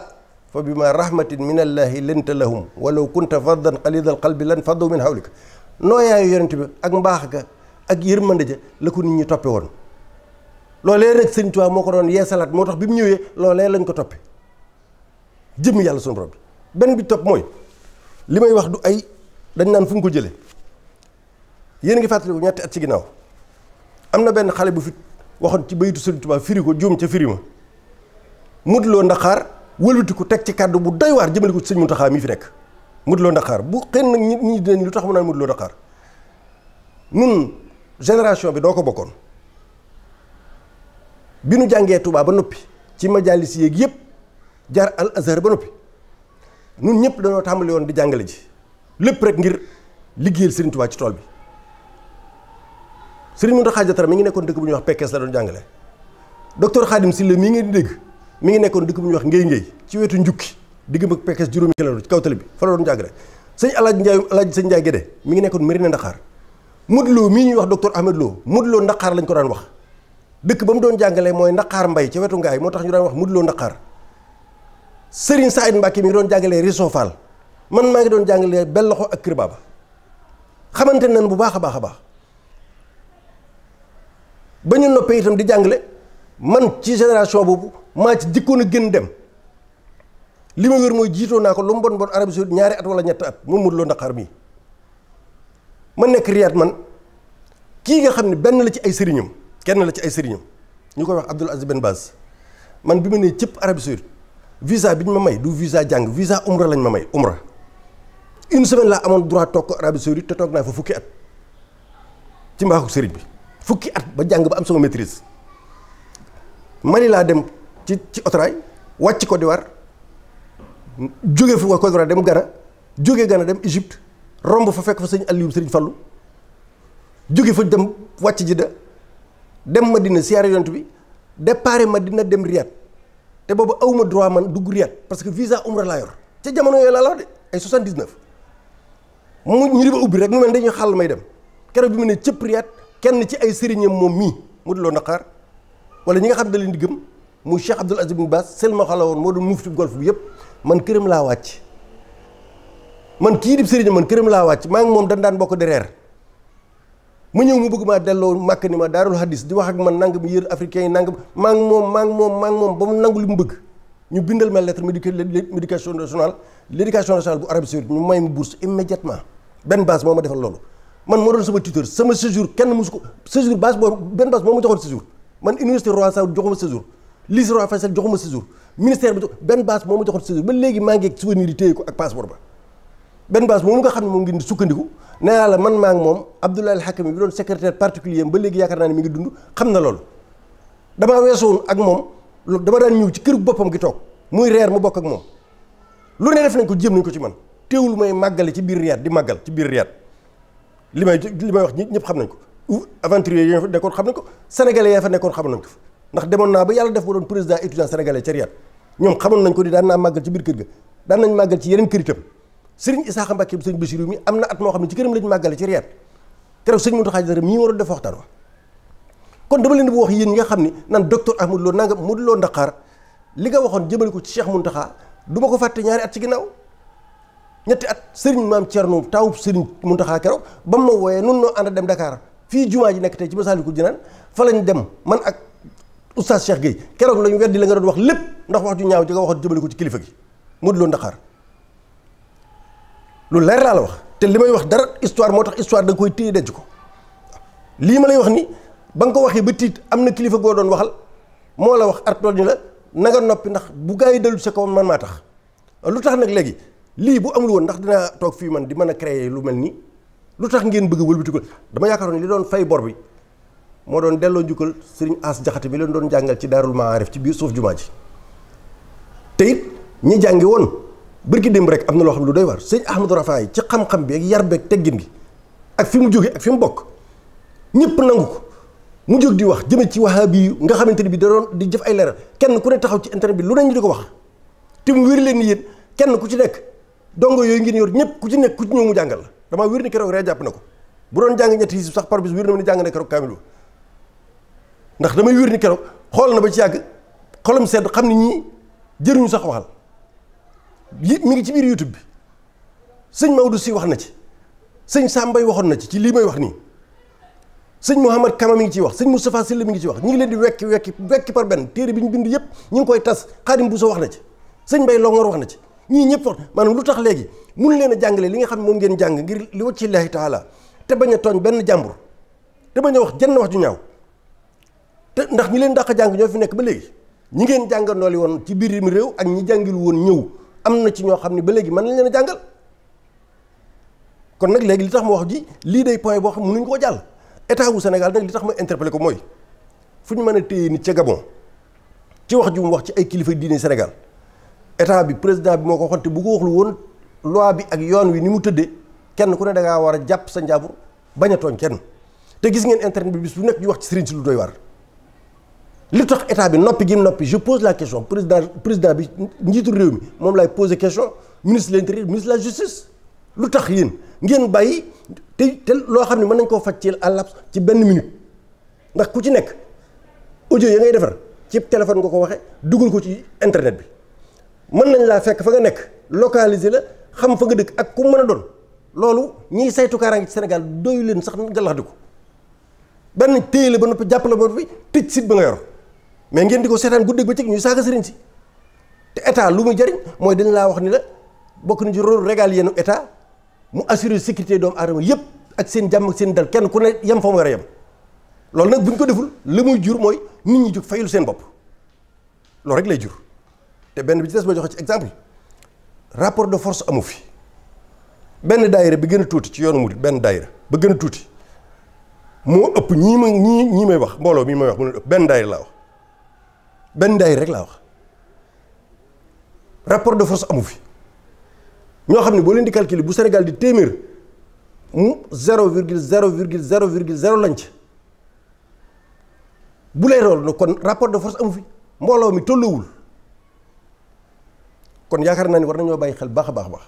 fa bima rahmatin min allaahi lanta lahum walaw kunta fardan qalidal qalbi lan faddu min hawlika nooyaayu yonent bi ak mbaax ga ak yërmande ja la ko nit ñi toppe woon loolee rek sëñ Tuubaa moo ko doon yeesalaat moo tax bi mu ñëwee loolee lañ ko toppee jëm yàlla sunu borom bi benn bi topp mooy li may wax du ay dañ naan fu ñu ko jëlee yéen ngi fàttaliku ñetti at ci ginnaaw am na benn xale bu fi waxoon ci baytu sëñ Tuubaa firi ko juum ca firi ma mudloo ndaxaar wëlbati ko teg ci kàddu bu doy waar jëmale ko ci sëñ Muntaxaa mi fi nekk mudloo ndaxaar bu xëy nag ñi ñi dinañ lu tax mu naan mudloo ndaxaar nun génération bi doo ko bokkoon bi nu jàngee Touba ba noppi ci majalis yéeg yëpp jaar al azhar ba noppi nun ñëpp dañoo tàmbali woon di jàngale ji lépp rek ngir liggéeyal Serigne Touba ci tool bi Serigne Mountakha Diatara mi ngi nekkoon dëkk bu ñuy wax Pekes la doon jàngale docteur Khadim Sylla mii ngeen di mi ngi nekkoon dëkk bu ñuy wax Ngéy Ngéy ci wetu njukki diggam ak Pekes juróomi kilomètre ci kaw tali bi fa la doon jàngale sëñ alaaj Ndiaye alaaj sëñ Ndiaye Guédé mi ngi nekkoon Mérina Ndaxaar Modou Lo mii ñuy wax docteur Ahmed Lo Modou Ndaxaar lañ ko daan wax dëkk ba mu doon jàngale mooy ndaxaar Mbay ca wetu ngaay moo tax ñu daan wax Modou Lo Ndaqaar Serigne Saïd Mbacke mi ngi doon jàngalee Riso man maa ngi doon jàngalee Belloxo ak Kër Baba xamante nan bu baax a baax a baax ba ñu noppee itam di jàngale man ci génération boobu maa ci jikkoon a gën dem li ma wér mooy jiitoo naa ko lu mu bon bon Arabie ñaari at wala ñetti at moom Modou Lo Ndaqaar mii ma nekk Riyad man kii nga xam ne benn la ci ay sëriñam kenn la ci ay sëriñam ñu koy wax Abdoul Aziz Ben Baz man bi ma nee cëpp Arabie Saoudite visa bi ñu ma may du visa jàng visa umra lañ ma may umra une semaine laa amoon droit toog ko Arabie Saoudite te toog naa fa fukki at ci mbaaxu sëriñ bi fukki at ba jàng ba am sama maîtrise Mali laa dem ci ci otoraay wàcc Côte d'Ivoire jóge fi waa dem Ghana jóge Ghana dem Égypte romb fa fekk fa sëñ Aliou sëriñ Fallou jóge fa dem wàcc Jidda dem ma dina siyaare yont bi ma dina dem Riyad te boobu awma droit man dugg Riyad parce que visa umra laa yor ca jamono yooyu laa la wax de ay 79 mu ñu di ba ubbi rek mu mel dañuy xàll may dem keroog bi mu ne cëpp Riyad kenn ci ay sëriñam moom mii mu duloo naqaar wala ñi nga xam ne leen di mu muy Cheikh Abdoul Aziz Bin Baas selma xala woon moo doon mufti golf bi yëpp man këram laa wàcc man kii di sëriñam man këram laa wàcc maa ngi moom dañ daan bokk di mu ñëw mu bëgg maa delloo màkk ni ma daarul hadis di wax ak man nangam yër africain yi nangam maa ngi moom maa ngi moom maa ngi moom ba mu nangu li mu bëgg ñu bindal ma lettre médica l'éducation nationale l'éducation nationale bu Arabie Saoudite ñu may mu bourse immédiatement benn base moo ma defal loolu man moo doon sama tuteur sama séjour kenn mosu ko séjour base boobu benn base moo ma joxoon séjour man université Roi Saoud joxuma séjour lycée Roi Faisal joxuma benn base moom nga xam ne moom ngi sukkandiku nee la man maa ngi moom Abdoulaye El Hakami bi doon secrétaire particulier ba léegi yaakaar naa ne mi ngi dund xam na loolu damaa weesoon ak moom dama daan ñëw ci kër boppam gi toog muy reer mu bokk ak moom lu ne def nañ ko jéem nañ ko ci man teewul may màggale ci biir Riyad di màggal ci biir Riyad li may li may wax ñëpp xam nañ ko aventurier yi fa nekkoon xam nañ ko sénégalais yaa fa nekkoon xam nañ ko ndax demoon naa ba yàlla def ba doon président étudiant sénégalais ca Riyad ñoom xamoon ko di daan naa màggal biir kër ga nañ màggal ci yeneen kër sëriñ Isaaxa Mbàkke bi sëriñ Basiru mi am na at moo xam ne ci këram lañu màggale ci Riyad keroog yéen nga xam ni naan docteur Ahmadou Lo nanga Modou Lo Ndakar li nga waxoon jëmale ko ci Cheikh Muntaxa du ma ko fàtte ñaari ci ginnaaw ñetti at sëriñ maam Cerno taawub sëriñ Muntaxa keroog ba mu ma wooyee nun noo ànd dem Dakar fii jumaa ji nekk tey ci Masaalikul Jinaan fa lañ dem man ak oustaz Cheikh Gueye keroog lañu weddi la nga doon wax lépp ndax wax ju ñaaw ji nga waxoon jëmale ko ci kilifa gi mu Modou Lo Ndakar lu leer laa la wax te li may wax dara histoire moo tax histoire da nga koy téye denc ko lii ma lay wax ni ba nga ko waxee ba tiit am na kilifa goo doon waxal moo la wax artool ni la na noppi ndax bu gaa yi dellu sa kaw man maa tax lu tax nag léegi lii bu amul woon ndax dinaa toog fii man di mën a créer lu mel nii lu tax ngeen bëgg wëlbatiku dama yaakaaroon li doon fay bor bi moo doon delloo njukkal sëriñ As Jaxate bi leen doon jàngal ci daarul maarif ci biir suuf jumaa ji te ñi jàngi woon bërki démb rek am na loo xam lu doy war sëñ Ahmadou Rafaay ci xam-xam bi ak yar beeg teggin bi ak fi mu jóge ak fi mu bokk ñëpp nangu ko mu jóg di wax jëme ci wahabi bi nga xamante ni bi da doon di jëf ay leeral kenn ku ne taxaw ci internet bi lu ne ñu di ko wax te mu wér leen ni yéen kenn ku ci nekk dongo yooyu ngeen yor ñëpp ku ci nekk ku ci ñëw mu jàngal la dama wér ni keroog rek jàpp na ko bu doon jàng ñetti sax par bis wér na ma ni jàng ndax damay wér ni keroog xool na ba ci yàgg xoolam sedd xam ni ñii jëruñu sax mi ngi ci biir YouTube bi sëñ Maodo si wax na ci sëñ Sambay waxoon na ci ci lii may wax nii sëñ Mouhamad Kama mi ngi ciy wax sëñ Moustapha Sylla mi ngi ci wax ñu ngi leen di wekki wekki wekki par benn téere bi ñu bind yëpp ñu ngi koy tas Xaadim Bousso wax na ci sëñ Mbay Longoor wax na ci ñii ñëpp wax maanaam lu tax léegi mun leen a jàngale li nga xam ne moom ngeen jàng ngir li wacci Laahi taala te bañ a tooñ benn jàmbur te bañ a wax jenn wax ju ñaaw te ndax ñi leen dàq jàng ñoo fi nekk ba léegi ñi ngeen jàngandoo li woon ci biir réew ak ñi jàngil woon ñëw am na ci ñoo xam ne ba léegi mën nañ leen a jàngal kon nag léegi li tax ma wax ji lii day point boo xam mënuñ ko jàll état wu Sénégal nag li tax ma interpellé ko mooy fu ñu mën a téye nit ca Gabon ci wax ju mu wax ci ay kilifa diine Sénégal état bi président bi moo ko waxoon bu ko waxlu woon loi bi ak yoon wi ni mu tëddee kenn ku ne da ngaa war a jàpp sa njaabur bañ a tooñ kenn te gis ngeen internet bi bis nekk ñu wax ci sëriñ si lu doy waar. lu tax état bi noppi gi noppi je pose la question président président bi njiitu réew mi moom lay poser question ministre de l'intérieur ministre de la justice lu tax yéen ngeen bàyyi te te loo xam ne mën nañ koo faj ci àllab ci benn minute ndax ku ci nekk audio ya ngay defar ci téléphone nga ko waxee dugal ko ci internet bi mën nañ laa fekk fa nga nekk localiser la xam fa nga dëkk ak ku mën a doon loolu ñiy saytu kaaraange ci Sénégal doyu leen sax gàllax di benn téye la ba noppi jàppale ba noppi tëj site ba mais ngeen di ko seetaan guddeeg bëccëg ñuy saaga sëriñ si te état lu muy jariñ mooy dañ laa wax ni la bokk nañ ci rôle régalien nu état mu assurer sécurité doomu aadama yëpp ak seen jàmm ak seen dal kenn ku ne yem fa mu war yem loolu nag buñ ko deful li muy jur mooy nit ñi jóg fayul seen bopp loolu rek lay jur te benn bi ci des ma ci exemple rapport de force amu fi benn daayira bi gën a tuuti ci yoonu murid benn daayira ba gën a tuuti moo ëpp ñii ma ñii ñii may wax mbooloo mi may wax benn daayira laa benn ndey rek laa wax rapport de force amu fi ñoo xam ne boo leen di calculer bu Sénégal di téeméer mu zéro virgule zéro virgule zéro virgule zéro lañ ci bu lay rool kon rapport de force amu fi mbooloo mi tolluwul kon yaakaar naa ni war nañoo bàyyi xel baax a baax baax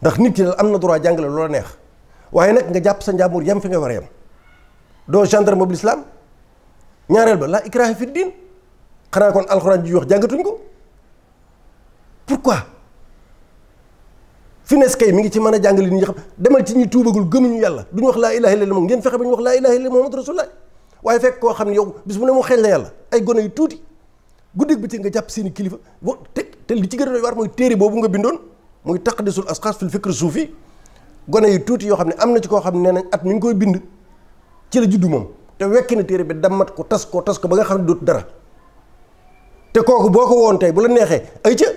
ndax nit ki am na droit jàngale loola neex waaye nag nga jàpp sa njàmbur yam fi nga war a yam doo gendarme bu l'islam ñaareel ba laa ikraha fi diin xanaa kon alxuraan ji wax jàngatuñ ko pourquoi finesse kay mu ngi ci mën a jàngale nit ñi xam demal ci ñi tuubagul gëmuñu yàlla du ñu wax laa ilaha illallah moom ngeen fexe ba ñu wax laa ilaha illallah muhammad rasulullah waaye fekk koo xam ne yow bis bu ne mu xeeñ yàlla ay gone yu tuuti guddeeg bëccëg nga jàpp seen i kilifa wa te te li ci gën a doy waar mooy téere boobu nga bindoon muy taq asxaas fil fikr suufi gone yu tuuti yoo xam ne am na ci koo xam nee nañ at mi ngi koy bind ci la juddu moom te wekki na téere bi dammat ko tas ko tas ko ba nga xam ne dut dara te kooku boo ko woon tey la neexee ay ca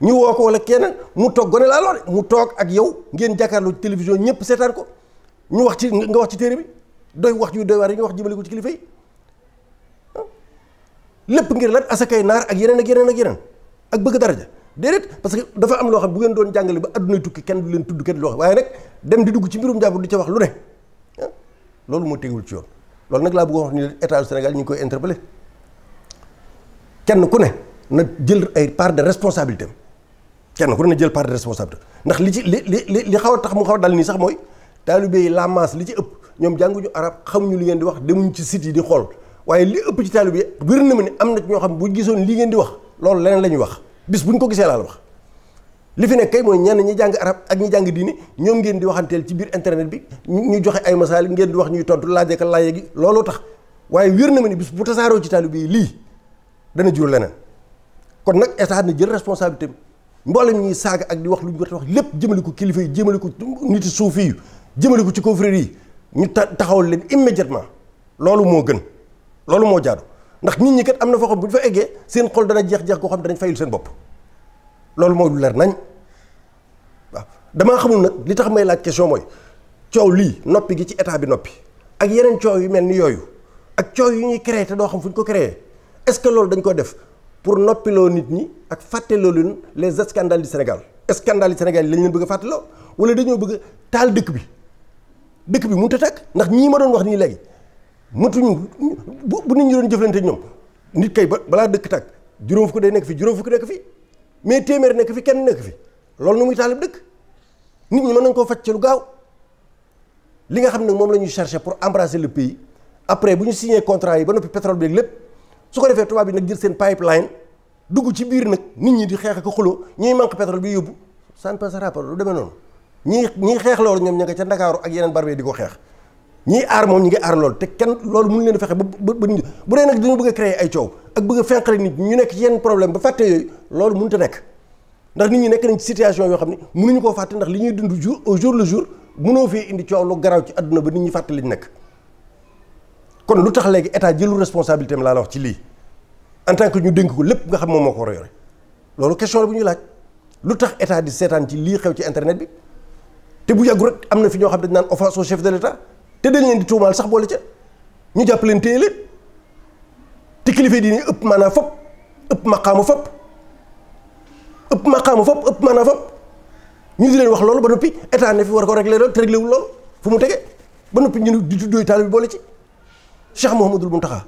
ñu ko wala kenn mu toog gone laa loole mu toog ak yow ngeen jàkkaarloo télévision ñëpp seetaan ko ñu wax ci nga wax ci téere bi doy wax ju doy waar yi nga wax ci kilifa yi lépp ngir lan asakay naar ak yeneen ak yeneen ak yeneen ak bëgg daraja déedéet parce que dafa am loo xam bu ngeen doon jàngale ba addunay tukki kenn du leen tudd kenn loo xam waaye nag di dugg ci mbirum jàmbur di ca wax lu ne ah, loolu moo teguwul ci yoon loolu nag laa bëgg wax ni état du Sénégal ñu ngi koy interpellé kenn ku ne na jël ay part de responsabilité kenn ku ne na jël part de responsabilité ndax li ci li li li xaw a tax mu xaw a dal nii sax mooy taalibe yi la masse li ci ëpp ñoom jànguñu arab xamuñu li ngeen di wax demuñu ci site yi di xool waaye li ëpp ci taalibe yi wér na ma ni am na ci ñoo xam bu gisoon li ngeen di wax loolu leneen la ñuy wax bis buñ ko gisee laa wax. li fi nekk kay mooy ñenn ñi jàng arab ak ñi jàng diini ñoom ngeen di waxanteel ci biir internet bi ñu joxe ay masaal ngeen di wax ñuy tontu laajee ka laajee gi looloo tax waaye wér na ma ni bis bu tasaaroo ci taalibe yi lii dana jur leneen kon nag état na jël responsabilité mboolem ñuy saaga ak di wax lu ñu war wax lépp jëmale ko kilifa yi jëmale ko niti suufi yu jëmale ko ci confrérie yi ñu taxawal leen immédiatement loolu moo gën loolu moo jaadu ndax nit ñi kat am na foo bu ñu fa eggee seen xol dana jeex jeex koo xam danañ fayul seen bopp. loolu mooy du leer nañ waaw damaa xamul nag li tax may laaj question mooy coow lii noppi gi ci état bi noppi ak yeneen coow yu mel ni yooyu ak coow yu ñuy créé te doo xam fu ñu ko créé est-ce que loolu dañ ko def pour noppiloo nit ñi ak fàtteloo leen les scandales du Sénégal scandales du Sénégal yi lañ leen bëgg a fàtteloo wala dañoo bëgg taal dëkk bi dëkk bi mënut a tàkk ndax ñii ma doon wax nii léegi mëtuñu bu bu nit ñi doon jëflante ñoom nit kay ba balaa dëkk tàkk juróom fukk day nekk fi juróom fukk nekk fi. mais téeméer nekk fi kenn nekk fi loolu nu muy taalib dëkk nit ñi mën nañ koo faj ci lu gaaw li nga xam ne moom la ñuy chercher pour embrasser le pays après bu ñu signé contrat yi ba noppi pétrole bi lépp su ko defee tubaab bi nag jël seen pipeline dugg ci biir nag nit ñi di xeex ak xuloo ñuy manque pétrole bi yóbbu ça ne passera pas lu deme noonu ñiy ñiy xeex loolu ñoom ña ca Ndakaaru ak yeneen barbe di ko xeex ñiy aar moom ñi ngi aar loolu te kenn loolu mun leen fexe ba ba nit bu dee nag dañu bëgg créer ay coow ak bëgg a nit ñu nekk ci yenn problème ba fàtte yooyu loolu mënut a nekk ndax nit ñi nekk nañ ci situation yoo xam ne mënuñu koo fàtte ndax li ñuy dund jour au jour le jour mënoo fee indi coow lu garaw ci àdduna ba nit ñi fàtte liñ nekk kon lu tax léegi état jëlu responsabilité am laa la wax ci lii en tant que ñu dénk ko lépp nga xam moom moo ko war a loolu question bu ñu laaj lu tax état di seetaan ci lii xew ci internet bi te bu yàggu rek na fi ñoo xam ne naan offense au chef de te dañ leen di tuumaal sax boole ca ñu jàpp leen téye leen te kilifa diine ëpp maanaa fopp ëpp maqaamu fopp ëpp maqaamu fopp ëpp maanaa fopp ñu di leen wax loolu ba noppi état ne fi war ko réglé loolu te réglé wul loolu fu mu tege ba noppi ñu di tuddooy taal bi boole ci Cheikh Mouhamadul Mountakha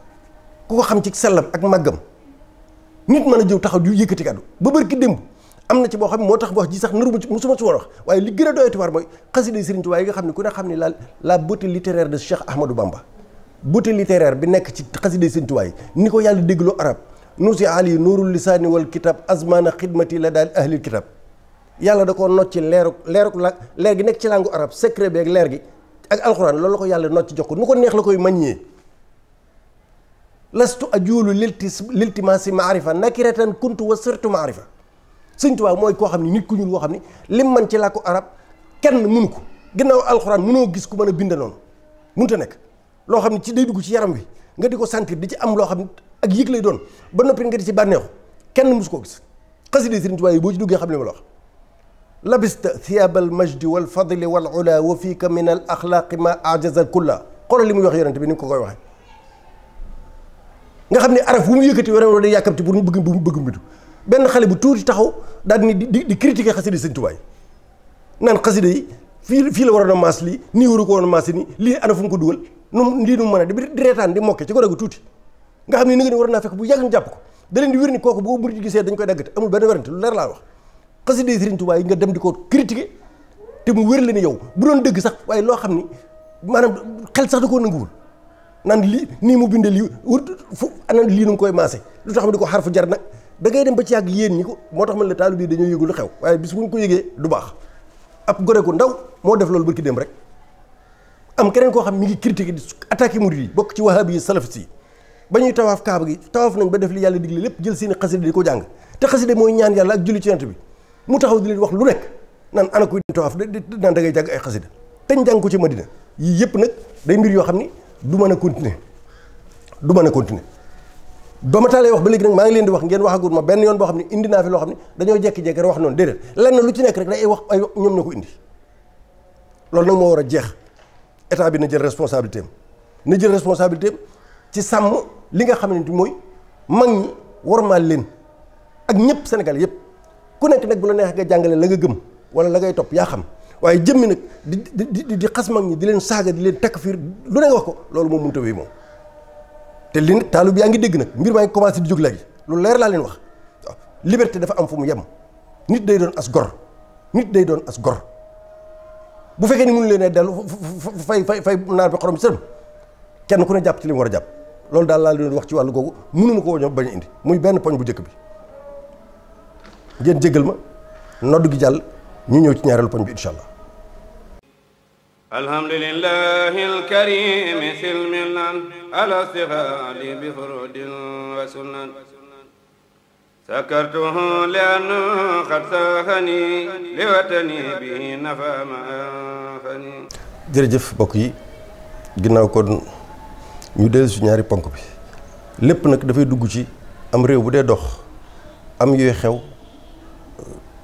ku ko xam ci sellam ak màggam nit mën a jëw taxaw di yëkkati kàddu ba ki démb am na ci boo xam ne moo tax wax ji sax naruma ci musuma ci war a wax waaye li gën a doyati war mooy xasida Serigne Touba yi nga xam ne ku ne xam ne la la beauté littéraire de Cheikh Ahmadou Bamba beauté littéraire bi nekk ci xasida Serigne Touba yi ni ko yàlla dégloo arab nuusi ali nuurul lisaani wal kitab azmana xidmati la daal ahlil kitab yàlla da koo nocci leeruk leeruk la leer gi nekk ci langu arab secret beeg leer gi ak alxuraan loolu la ko yàlla nocci jox ko nu ko neex la koy maññee lastu ajuulu lilti liltimasi maarifa nakiratan kuntu wa sirtu maarifa sëñ Tuubaa mooy koo xam ne nit ku ñuul woo xam ne lim man ci làkku arab kenn mënu ko gannaaw alxuraan mënoo gis ku mën a bind noonu mënut a nekk loo xam ne ci day dugg ci yaram wi nga di ko sentir di ci am loo xam ne ak yëg lay doon ba noppi nga di ci bànneexu kenn mësu koo gis xasida sëriñ Tuubaa yi boo ci duggee xam li ma la wax labista thiyaab al majdi wal fadli wal ula wa fiika min al axlaaqi ma ajaza kulla li muy wax yonente bi ni nga ko koy waxee nga xam ne araf bu mu yëkkati yore wala day yàkkamti pour ñu bëgg bëgg benn xale bu tuuti taxaw daal di di di critiquer xasida sëñ Tuubaa naan xasida yi fii fii la war a maas lii nii waru ko waroon a maas lii ko dugal nu lii nu mën a di di reetaan di mokke ci gone gu tuuti nga xam ne ni nga ko da leen di wér ni nga dem di ko te mu wér la ni yow bu doon dëgg sax waaye loo xam ni maanaam xel sax da koo nanguwul naan lii nii mu bindee lii wut fu anaan lii nu ngi koy maase lu tax xam di ko fu jar nag da dem ba ci yàgg yéen ñi ko moo tax man la taalu bii dañoo yëgul xew waaye bis bu ko yëgee du baax ab gore gu ndaw moo def loolu bërki dem rek am keneen koo xam mi ngi critiqué di attaqué murid yi bokk ci wahabi yi salafis yi ba ñuy tawaaf kaaba gi tawaaf nañ ba def li yàlla digle lépp jël seeni xasida di ko jàng te xasida mooy ñaan yàlla ak julli ci yonent bi mu taxaw di leen wax lu nekk naan ana kuy tawaaf naan da ngay jàng ay xasida teñ jàng ko ci madina yii yëpp nag day mbir yoo xam ni du mën a continuer du mën a ba ma taalee wax ba léegi nag maa ngi leen di wax ngeen waxagul ma benn yoon boo xam ne indi naa fi loo xam ne dañoo jékki-jékki rek wax noonu déedéet lenn lu ci nekk rek day ay wax ay ñoom ñoo ko indi loolu nag moo war a jeex état bi na jël responsabilité na jël responsabilité am ci sàmm li nga xam mooy mag ñi warmaal leen ak ñëpp Sénégal yëpp ku nekk nag bu la neex nga jàngale la nga gëm wala la ngay topp yaa xam waaye jëmmi nag di di di xas mag ñi di leen saaga di leen takk fiir lu ne nga wax ko loolu moom mënut a moom. te li taalib yaa ngi dégg nag mbir maa ngi commencé di jóg léegi lu leer laa leen wax liberté dafa am fu mu yem nit day doon as gor nit day doon as gor bu fekkee ni mënu leen a dellu fay fay fay naar bi xorom sërëm kenn ku ne jàpp ci li war a jàpp loolu daal laa leen wax ci wàllu googu mënuma ko woño bañ a indi muy benn poñ bu jëkk bi ngeen jéggal ma nodd gi jàll ñu ñëw ci ñaareelu poñ bi incha allah alhamdulillahi alkarimi silmilan bi furudin sakartuhu liannu qad li watani bi nafa ma jërëjëf mbokk yi ginnaaw kon ñu dellu si ñaari ponk bi lépp nag dafay dugg ci am réew bu dee dox am yooyu xew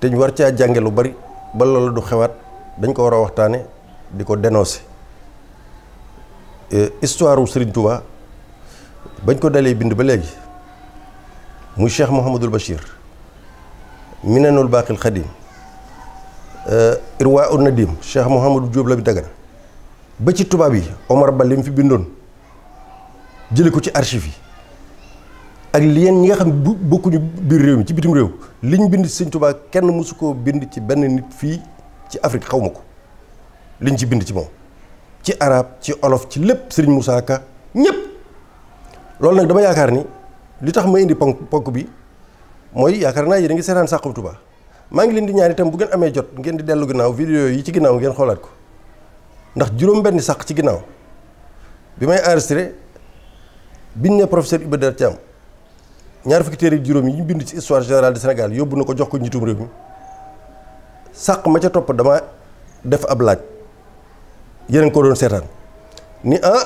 te ñu war caa jànge lu bari ba loolu du xewaat dañ ko war a waxtaane di ko dénoncer histoire wu Serigne bañ ko dalee bind ba léegi muy Cheikh Mouhamadul Bachir Minanul Baqil Xadim euh, Irwa un Nadim Cheikh Mouhamadou Diop la bi dagana ba ci tubaab yi Omar Ba fi bindoon jële ko ci archives yi ak yenn ñi nga xam bokkuñu biir réew mi ci bitim réew liñ bind Serigne tubaa kenn mësu koo bind ci benn nit fii ci Afrique xaw ma ko liñ ci bind ci moom ci arab ci olof ci lépp Serigne Moussa Ka ñëpp loolu nag dama yaakaar ni li tax ma indi ponk ponk bi mooy yaakaar naa yéen a ngi seetaan Saxum maa ngi leen di ñaan bu ngeen amee jot ngeen di dellu ginnaaw vidéo yi ci ginnaaw ngeen xoolaat ko ndax juróom sax ci ginnaaw bi may enregistré biñ ne professeur Iba Der Thiam ñaar fukki téere juróom yi ñu bind ci histoire générale du Sénégal yóbbu na ko jox ko njiitum réew mi sàq ma ca topp dama def ab laaj yéen a ko doon seetaan ni ah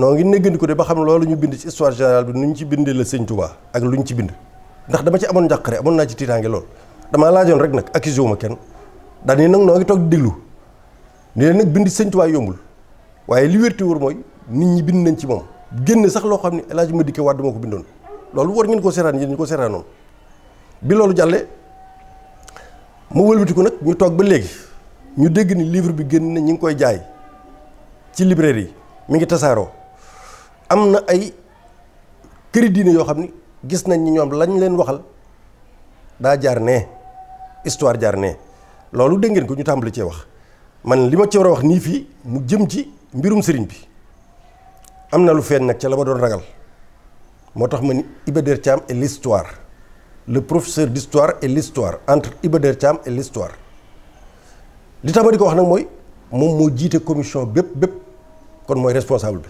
noo ngi ko de ba xam loolu ñu bind ci histoire générale bi nu ñu ci bindee la sëñ Touba ak lu ñu ci bind ndax dama ci amoon njàqare amoon naa ci tiitaange lool damaa laajoon rek nag accusé ma kenn daal ni nag noo ngi toog di déglu ni leen nag bind sëñ Touba yombul waaye li wérti wóor mooy nit ñi bind nañ ci moom génn sax loo xam ne El Hadj Madické Wade moo ko bindoon loolu war ngeen koo seetaan yéen ñu ko seetaanoon loolu jàllee mu wëlbatiku nag ñu toog ba léegi ñu dégg ni livre bi génn na ñi ngi koy jaay ci librairie yi mi ngi tasaaroo am na ay këri diine yoo xam ni gis nañ ni ñoom lañ leen waxal daa jaar nee histoire jaar nee loolu dégg ko ñu tàmbali cee wax man li ma ci a wax nii fii mu jëm ci mbirum sëriñ bi am na lu feeñ nag ca la ma doon ragal moo tax ma ni Iba Der Thiam et l'histoire le professeur d'histoire et l'histoire entre Iba Der Thiam et l'histoire li tax ma di ko wax nag mooy moom moo jiite commission bépp bépp kon mooy responsable bi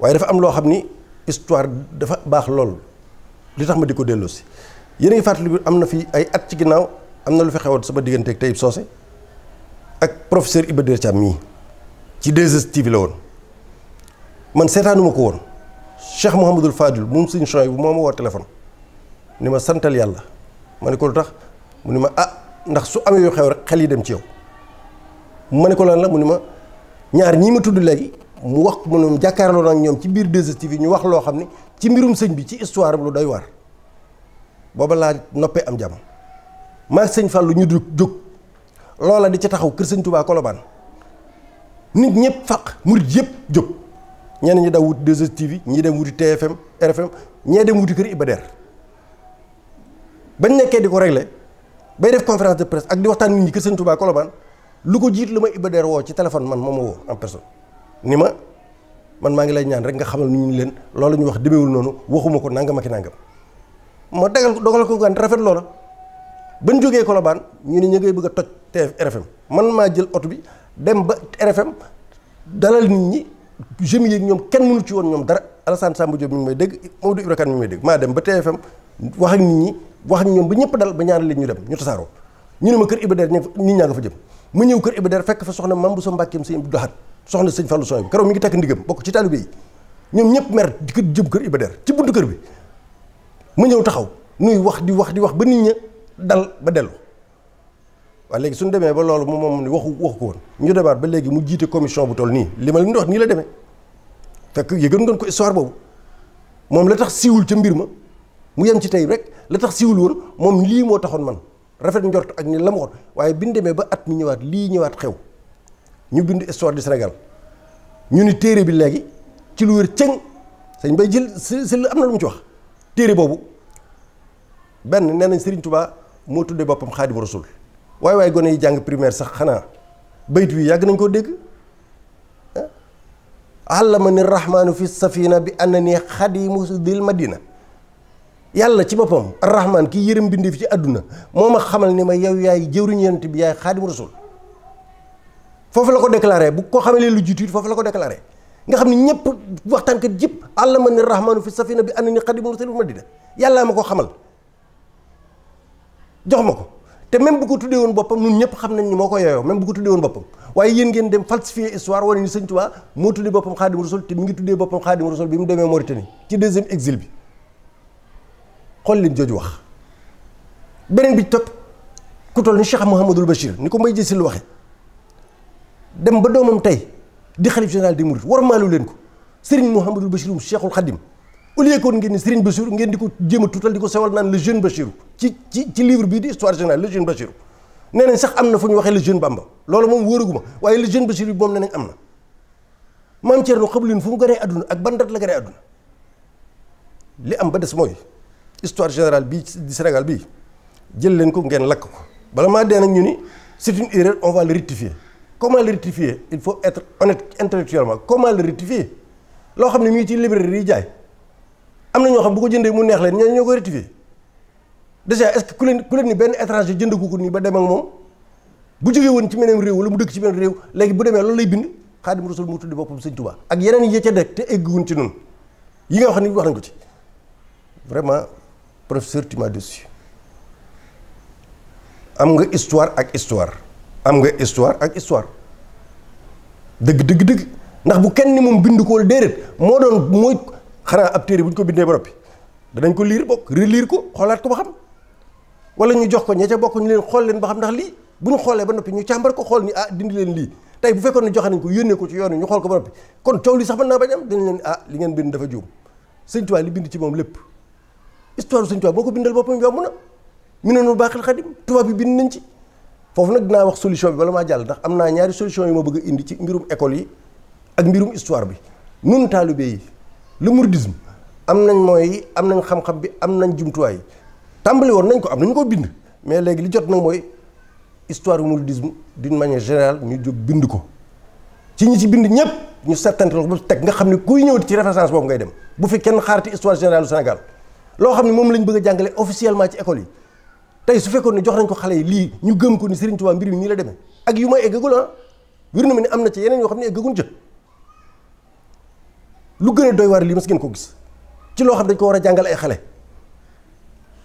waaye dafa am loo xam ni histoire dafa baax lool li tax ma di ko delloosi yeneen a ngi bi am na fi ay at ci ginnaaw am na lu fi xewoon sama diggante ak Taïb Socé ak professeur Iba Der Thiam mii ci 2STV la woon man seetaanuma ko woon Cheikh Mouhamadul Fadil moom suñu champs yi moo ma woo téléphone ni ma santal yàlla ma ne ko lu tax mu ni ma ah ndax su amee yu xew rek xel yi dem ci yow. ma ne ko lan la mu ni ma ñaar ñii ma tudd léegi mu wax mu ne jàkkaarloo nag ñoom ci biir 2 yi ñu wax loo xam ne ci mbirum sëñ bi ci histoire bi lu doy war booba laa noppee am jàmm maa sëñ Fallou ñu du jóg loola di ca taxaw kër sëñ Touba Colobane nit ñëpp faq murit yëpp jóg ñenn ñi daw wuti 2STV ñii dem wuti TFM RFM ñee dem wuti kër Ibader bañ nekkee di ko réglé bay def conférence de presse ak di waxtaan nit ñi kër sëñ Touba lu ko jiit lu ma Iba Der woo ci téléphone man moom ma woo en personne ni ma man maa ngi lay ñaan rek nga xamal ni ñu leen loolu ñu wax demeewul noonu waxuma ko nangam ki nangam ma dagal ko dogal ko gan rafet loola ba ñu jógee Colobane ñu ne ñu ngay bëgg a toj TF RFM man maa jël oto bi dem ba RFM dalal nit ñi jeunes ñoom kenn mënu ci woon ñoom dara Alassane Samba Diop mu ngi may dégg Maodo Ibra Kane mi ngi may dégg maa dem ba TFM wax ak nit ñi wax ñoom ba ñëpp dal ba ñaari leen ñu dem ñu tasaaroo ñu ne ma kër Iba Der nit ñaa nga fa jëm. ma ñëw kër Iba fekk fa soxna Mame Bousso sa sëñ Abdou Lahad soxna sëñ Fallou Sow bi keroog mi ngi takk ndigam bokk ci taalibe yi ñoom ñëpp mer di ko jëm kër Iba Der ci buntu kër bi ma ñëw taxaw nuy wax di wax di wax ba nit ña dal ba dellu waaye léegi suñu demee ba loolu moom moom waxu waxu ko woon ñu demaat ba léegi mu jiite commission bu toll nii li ma leen di wax nii la demee fekk yëgën ngeen ko histoire boobu moom la tax siiwul ca mbir ma mu yem ci tey rek la tax siiwul moom lii moo taxoon man rafet njort ak ni la waaye bi demee ba at mu ñëwaat lii ñëwaat xew ñu bind histoire du Sénégal ñu ni téere bi léegi ci lu wér cëng sañ bay jël si si am na lu mu ci wax téere boobu benn nee nañ Serigne Touba moo tuddee boppam Xaadimu Rasul waaye waaye gone yi jàng primaire sax xanaa bayt wi yàgg nañ koo dégg ah, allama ni rahmaanu fi safina bi am na anna ni xadimu dil madina yàlla ci boppam arrahman ki yërëm bindee fi ci àdduna moo ma xamal ni ma yow yaay jëwriñu yonent bi yaay xaadim rasul foofu la ko déclaré bu ko xamalee lu jiitu foofu la ko déclaré nga xam ne ñëpp waxtaankat yëpp allama ni rahmanu fi safina bi anna ni xadimu rasul madina yàllaa ma ko xamal jox ma ko te même bu ko tuddee woon boppam ñun ñëpp xam nañ ni moo ko yooyoo même bu ko tuddee woon boppam waaye yéen ngeen dem falsifier histoire wane bi xool leen jooju wax beneen bi topp ku toll ni Cheikh Mouhamadul Bachir ni ko may jël si lu waxe dem ba doomam tey di xalif général di murit war maalu leen ko Serigne Mouhamadul Bachir mu um Cheikhul Khadim au lieu que ngeen ni Serigne Bachir ngeen di ko jéem a tuutal di ko sewal naan le jeune Bachir ci ci ci livre bii di histoire générale le jeune Bachir nee nañ sax am na fu ñu waxee le jeune Bamba loolu moom wóoraguma waaye le jeune Bachir bi moom nee am na maam Thierno xamu leen fu mu gënee àdduna ak ban dat la gënee àdduna am ba des mooy. histoire générale bi di bii jël leen ko ngeen lakk ko bala maa dee nag ñu ni c'est une erreur on va le rectifier comment le il faut être honnête intellectuellement comment le rectifier loo xam ne mu ngi ci librairie yi jaay am na ñoo xam bu ko jëndee mu neex leen ñoo ñoo koy rectifier déjà est-ce ku leen ku leen ni benn étranger jëndagu ko nii ba dem ak moom bu jógee woon ci meneen réew wala mu dëkk ci beneen réew léegi bu demee loolu lay bind Xaadim Rasul mu tuddi boppam Sëñ Tuubaa ak yeneen yi ca dekk te egguwuñ ci noonu ko ci vraiment professeur tu m'as si am nga histoire ak histoire am nga histoire ak histoire dëgg dëgg dëgg ndax bu kenn ni moom bind ko wala déedéet moo doon mooy xanaa ab téere bu ñu ko bindee ba noppi danañ ko liir bokk relire ko xoolaat ko ba xam wala ñu jox ko ña ca bokk ñu leen xool leen ba xam ndax lii bu ñu xoolee ba noppi ñu càmbar ko xool ni ah dindi leen lii tey bu fekkoon ne joxe nañ ko yónnee ko ci yoon ñu xool ko ba noppi kon coow li sax mën naa bañ leen ah, li ngeen bind dafa juum sëñ Tuubaa li bind ci moom lépp. histoire Sëñ Tuubaa boo ko bindal boppam yomb na mi ne noonu baaxil xadim tubaab bi bind nañ ci foofu nag dinaa wax solution bi bala maa jàll ndax am naa ñaari solution yu ma bëgg a indi ci mbirum école yi ak mbirum histoire bi nun taalibe yi le mouridisme am nañ mooy am nañ xam-xam bi am nañ jumtuwaay yi tàmbali woon nañ ko am nañ ko bind mais léegi li jot nag mooy histoire du mouridisme d'une manière général ñu jub bind ko ci ñi ci bind ñëpp ñu certainement ba teg nga xam ne kuy ñëw ci référence boobu ngay dem bu fi kenn xaarati histoire générale Sénégal loo xam ne moom lañ bëgg jàngale officiellement ci école yi tey su fekkoon ne jox nañ ko xale yi lii ñu gëm ko ni Serigne Touba mbir mi nii la demee ak yu ma eggagul ah wér na ma ne am na ci yeneen yoo xam ne eggaguñ jë lu doy waar lii mas ngeen ko gis ci loo xam dañ ko war a jàngal ay xale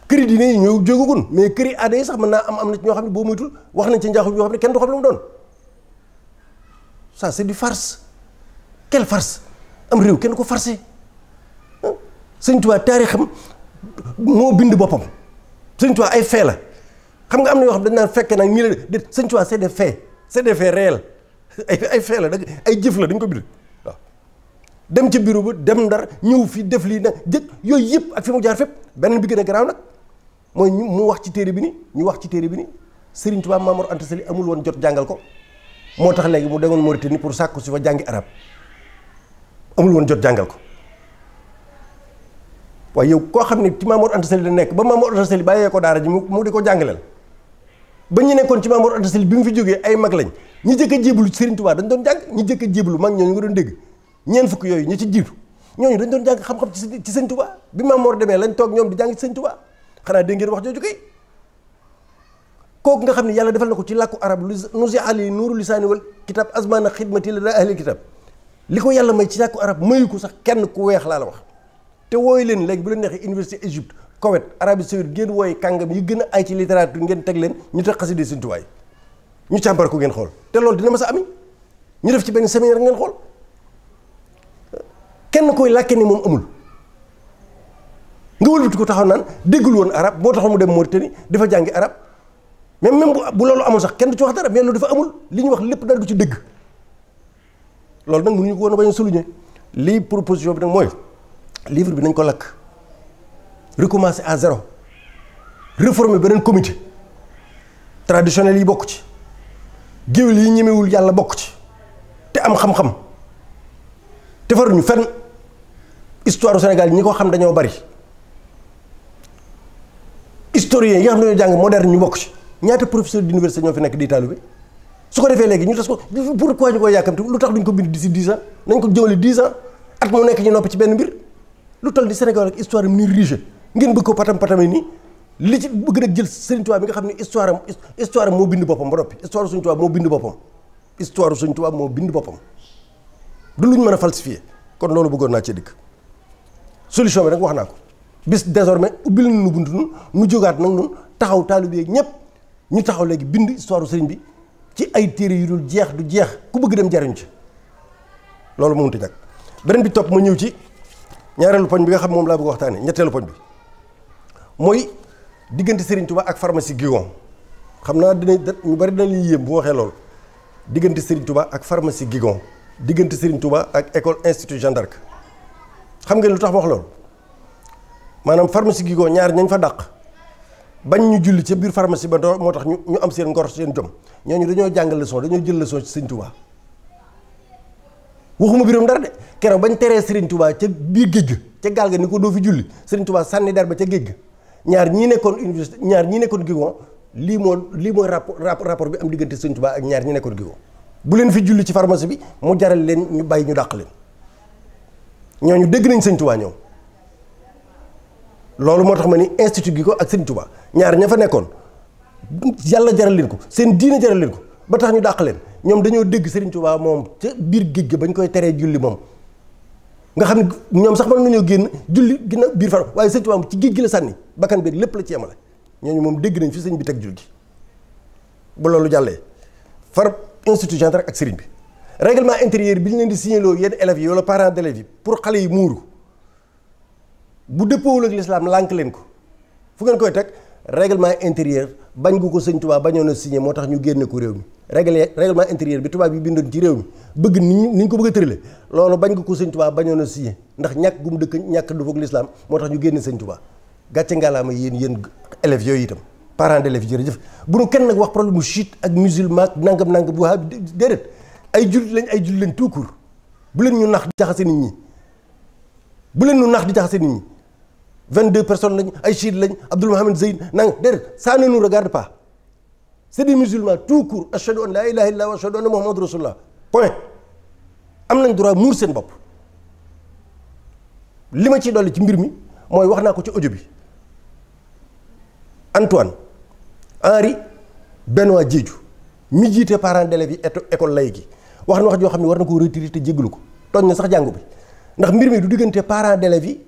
këri diine yi ñoo jógagun mais këri aada yi sax mën naa am am na ci ñoo xam ne boo moytul wax nañ ci njaaxum yoo xam ne kenn du xam lu mu doon ça c'est du farce quelle farce am réew kenn ko farcé Sëñ Tuubaa taarixam moo bind boppam sëñ Tuubaa ay fee la xam nga am na yoo xam dañ naan fekke nag ñi la de sëñ Tuubaa c'est des faits c'est des faits réels ay ay fee la da ay jëf la dañ ko bind waaw dem ci bureau ba dem ndar ñëw fii def lii nag jëkk yooyu yëpp ak fi mu jaar fépp beneen bi gën a garaaw nag mooy ñu mu wax ci téere bi ni ñu wax ci téere bi ni Sëriñ Tuubaa Maamoor Anta Sali amul woon jot jàngal ko moo tax léegi mu demoon Mauritanie pour sàkku si fa jàngi arab amul woon jot jàngal ko waaye yow koo xam ne ci Mamour Anta la nekk ba Mamour Anta Sali bàyyee ko daara ji mu di ko jàngaleel ba ñu nekkoon ci Mamour Anta bi mu fi jógee ay mag lañ ñi jëkk a jébbalu Serigne Touba dañ doon jàng ñi jëkk a jébbalu mag ñooñu nga doon dégg ñeen fukk yooyu ñi ci jiitu ñooñu dañ doon jàng xam-xam ci Serigne Touba bi Mamour demee lañ toog ñoom di jàng ci Serigne Touba xanaa dégg ngeen wax jooju kay kooku nga xam ne yàlla defal na ko ci làkku arab lu nusi ali nuuru lisaani wal kitab azmana xidmati la ahli kitab li ko yàlla may ci làkku arab mayu ko sax kenn ku weex laa la wax te wooyu leen léegi bu leen neexee université Égypte Koweït Arabie Saoudite ngeen wooye kàngam yi gën a ay ci littérature ngeen teg leen ñu tax xasida Sëñ Tuubaa ñu càmbar ko ngeen xool te lool dina ma sa ami ñu def ci benn séminaire ngeen xool kenn koy làkke ni moom amul nga wëlbati ko taxaw naan déggul woon arab boo taxoon mu dem moo Mauritanie dafa jàngi arab mais même bu loolu amul sax kenn du ci wax dara mais loolu dafa amul li ñu wax lépp dal du ci dëgg loolu nag mënuñu ko woon a bañ a souligner lii proposition bi nag mooy livre bi nañ ko lakk recommencer à zéro réformer beneen comité traditionnel yi bokk ci géwél yi ñemewul yàlla bokk ci te am xam-xam defaruñu fenn histoire Sénégal ñi ko xam dañoo bari historiens yi nga xam dañoo jàng moderne ñu bokk ci ñaata professeur d'université ñoo fi nekk di taalibe su ko defee léegi ñu tas ko pourquoi ñu koy yàkkamti lu tax duñ ko bind d'ici dix ans nañ ko jëmale dix at mu nekk ñu noppi ci benn mbir lu toll ni Sénégal ak histoire am ni riche ngeen bëgg ko patam patame ni li ci bëgg nag jël Serigne Touba bi nga xam ne histoire am histoire moo bind boppam ba noppi histoire Serigne Touba moo bind boppam histoire Serigne Touba moo bind boppam du mën a falsifier kon loolu bëggoon naa ci dikk solution bi nag wax naa ko bis désormais ubbil nañu nu bunt nun nu jógaat nag nun taxaw taalibe yeeg ñëpp ñu taxaw léegi bind histoire Serigne bi ci ay téere yu dul jeex du jeex ku bëgg dem jariñ ci loolu mënut a ñàkk beneen bi topp ma ñëw ci ñaareelu poñ bi nga xam moom laa bëgg waxtaane ñetteelu poñ bi mooy diggante Serigne tubaa ak pharmacie Guigon xam naa dinañ ñu bari dinañu yéem bu waxee loolu diggante Serigne tubaa ak pharmacie Guigon diggante sëriñ tubaa ak école institut Jeanne d'Arc xam ngeen lu tax wax loolu maanaam pharmacie Guigon ñaar ñañ fa dàq bañ ñu julli ca biir pharmacie ba moo tax ñu am seen ngor seen jom ñooñu dañoo jàng leçon dañoo jël leçon ci Serigne tubaa waxuma biram dara de keroog bañ teree Serigne tubaa ca biir géej ga ca gaal ga ni ko doo fi julli Serigne Touba sànni dara ba ca géej ga ñaar ñii nekkoon université ñaar ñii nekkoon Gigon lii moo lii mooy rapport bi am diggante Serigne Touba ak ñaar ñi nekkoon Gigon bu leen fi julli ci pharmacie bi mu jaral leen ñu bàyyi ñu dàq leen ñooñu dégg nañ Serigne Touba ñoom loolu moo tax ma ni institut gi ko ak Serigne Touba ñaar ña fa nekkoon yàlla jaral leen ko seen diine jaral leen ko ba tax ñu dàq leen ñoom dañoo dégg Serigne Touba moom ca biir géej gi bañ koy teree julli moom nga xam ne ñoom sax man nañoo génn julli ginna biir far waaye Serigne Touba ci géej gi la sànni bakkan bi lépp la ci yemale ñooñu moom dégg nañ fi sëñ bi teg julli gi ba loolu jàllee far institution rek ak Serigne bi règlement intérieur bi ñu leen di signaloo yenn élèves yi wala parents d'élèves yi pour xale yi muuru bu dëppoowul ak l'islam lànk leen ko fu ngeen koy teg règlement intérieur bañ gu ko sëñ Tuubaa bañoon a moo tax ñu génne ko réew mi réglé règlement intérieur bi tubaab yi bindoon ci réew mi bëgg ni ñu ko bëgg a tërale loolu bañ gu ko sëñ Tuubaa bañoon a signé ndax ñàkk gum dëkk ñàkk du foog lislaam moo tax ñu génne sëñ Tuubaa gàcce ngalaama yéen yéen élèves yooyu itam parents d'élèves jërëjëf bu nu kenn nag wax problème mu chiite ak musulman ak nangam nangam bu waab déedéet ay jullit lañ ay jul lañ tout court bu leen ñu nax di jaxase nit ñi bu leen ñu nax di jaxase nit 22 personnes lañ Aïchid lañ Abdoul Mohamed Zeyn nang déedéet ça ne nous regarde pas c'est des musulmans tout court ashhadu an la ilaha illallah wa ashhadu anna muhammadur rasulullah point am nañ droit muur seen bopp li ma ciy dolli ci mbir mi mooy wax naa ko ci audio bi Antoine Henri Benoît Diédhiou mi jiite parents d'élèves yi école lay gi wax na wax joo xam ne war na ko retirer te jéggalu ko tooñ na sax jàngu bi ndax mbir mi du diggante parents d'élèves yi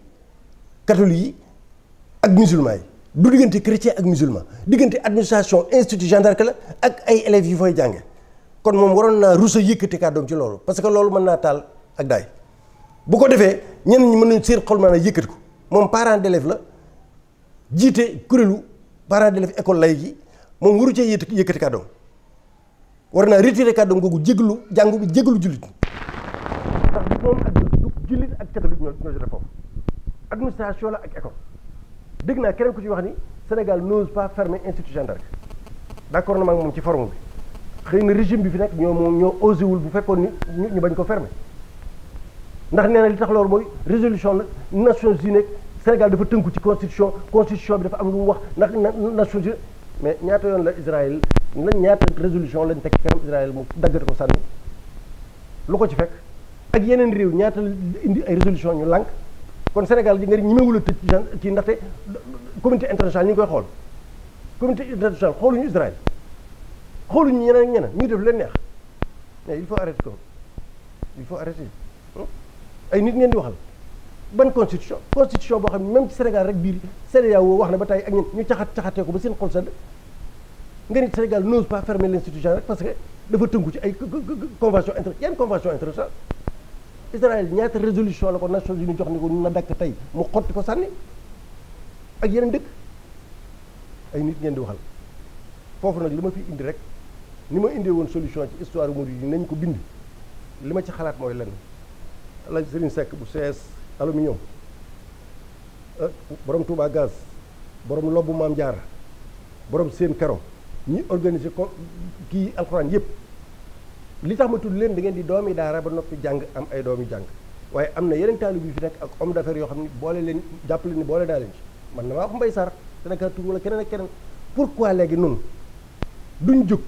catholique yi ak musulman yi du diggante chrétien ak musulman diggante administration institut Jeanne la ak ay élèves yu fay jànge kon moom waroon naa rusa yëkkati kàddoom ci loolu parce que loolu mën naa taal ak daay bu ko defee ñenn ñi mën nañ seen xol maanaam yëkkati ko moom parent d'élève la jiite kuréelu parent d'élève école lay gi moom waru cee yëkkati kàddoom war naa retiré kàddoom googu jéglu jàngu bi jéglu jullit ndax moom ak jullit administration la ak école dégg naa keneen ku ci wax ni Sénégal n'ose pas fermer institut Jeanne rek d'accord na ma moom ci forme bi xëy na régime bi fi nekk ñoo moom ñoo osé wul bu fekkoon ni ñu bañ ko fermer ndax nee li tax loolu mooy résolution la Nations Unies Sénégal dafa tënku ci constitution constitution bi dafa am lu mu wax ndax Nations Unies mais ñaata yoon la Israël lañ ñaata résolution lañ teg ci kanam Israël mu daggate ko sànni lu ko ci fekk ak yeneen réew ñaata indi ay résolution ñu lànk kon Sénégal gi nga ñemewul a tëj kii ndaxte communauté internationale ñu koy xool communauté internationale xooluñu Israël xoolu ñeneen ñeneen ñu def leen neex mais il faut arrêter ko il faut arrêter hmm? ay nit ñeen di waxal ban constitution constitution boo xam ne même ci Sénégal rek biir CEDEAO wax na ba tey ak ñu caxat caxatee ko ba seen xol sedd nga ni Sénégal n'ose pas fermer l'institution rek parce que dafa tënku ci ay convention inter yan convention internationale Israël ñaata résolution la ko Nations Unies jox ni ko na dakk tey mu xotti ko sànni ak yeneen dëkk ay nit ngeen di waxal foofu nag li ma fi indi rek ni ma indee woon solution ci histoire murid yi nañ ko bind li ma ci xalaat mooy lenn Alaaji Serigne sekk bu CS aluminium ah, boroom Touba gaz borom lobbu maam jaar boroom seen karo ñi organise ko kii alxuraan yëpp li tax ma tudd leen da ngeen di doomi daara ba noppi jàng am ay doomi jàng waaye am na yeneen taalib yu fi nekk ak homme d'affaires yoo xam ne boole leen jàppale ni boole daa leen ci man na maa ko mbay sar Sénégal tur wala keneen ak keneen pourquoi léegi nun duñ jóg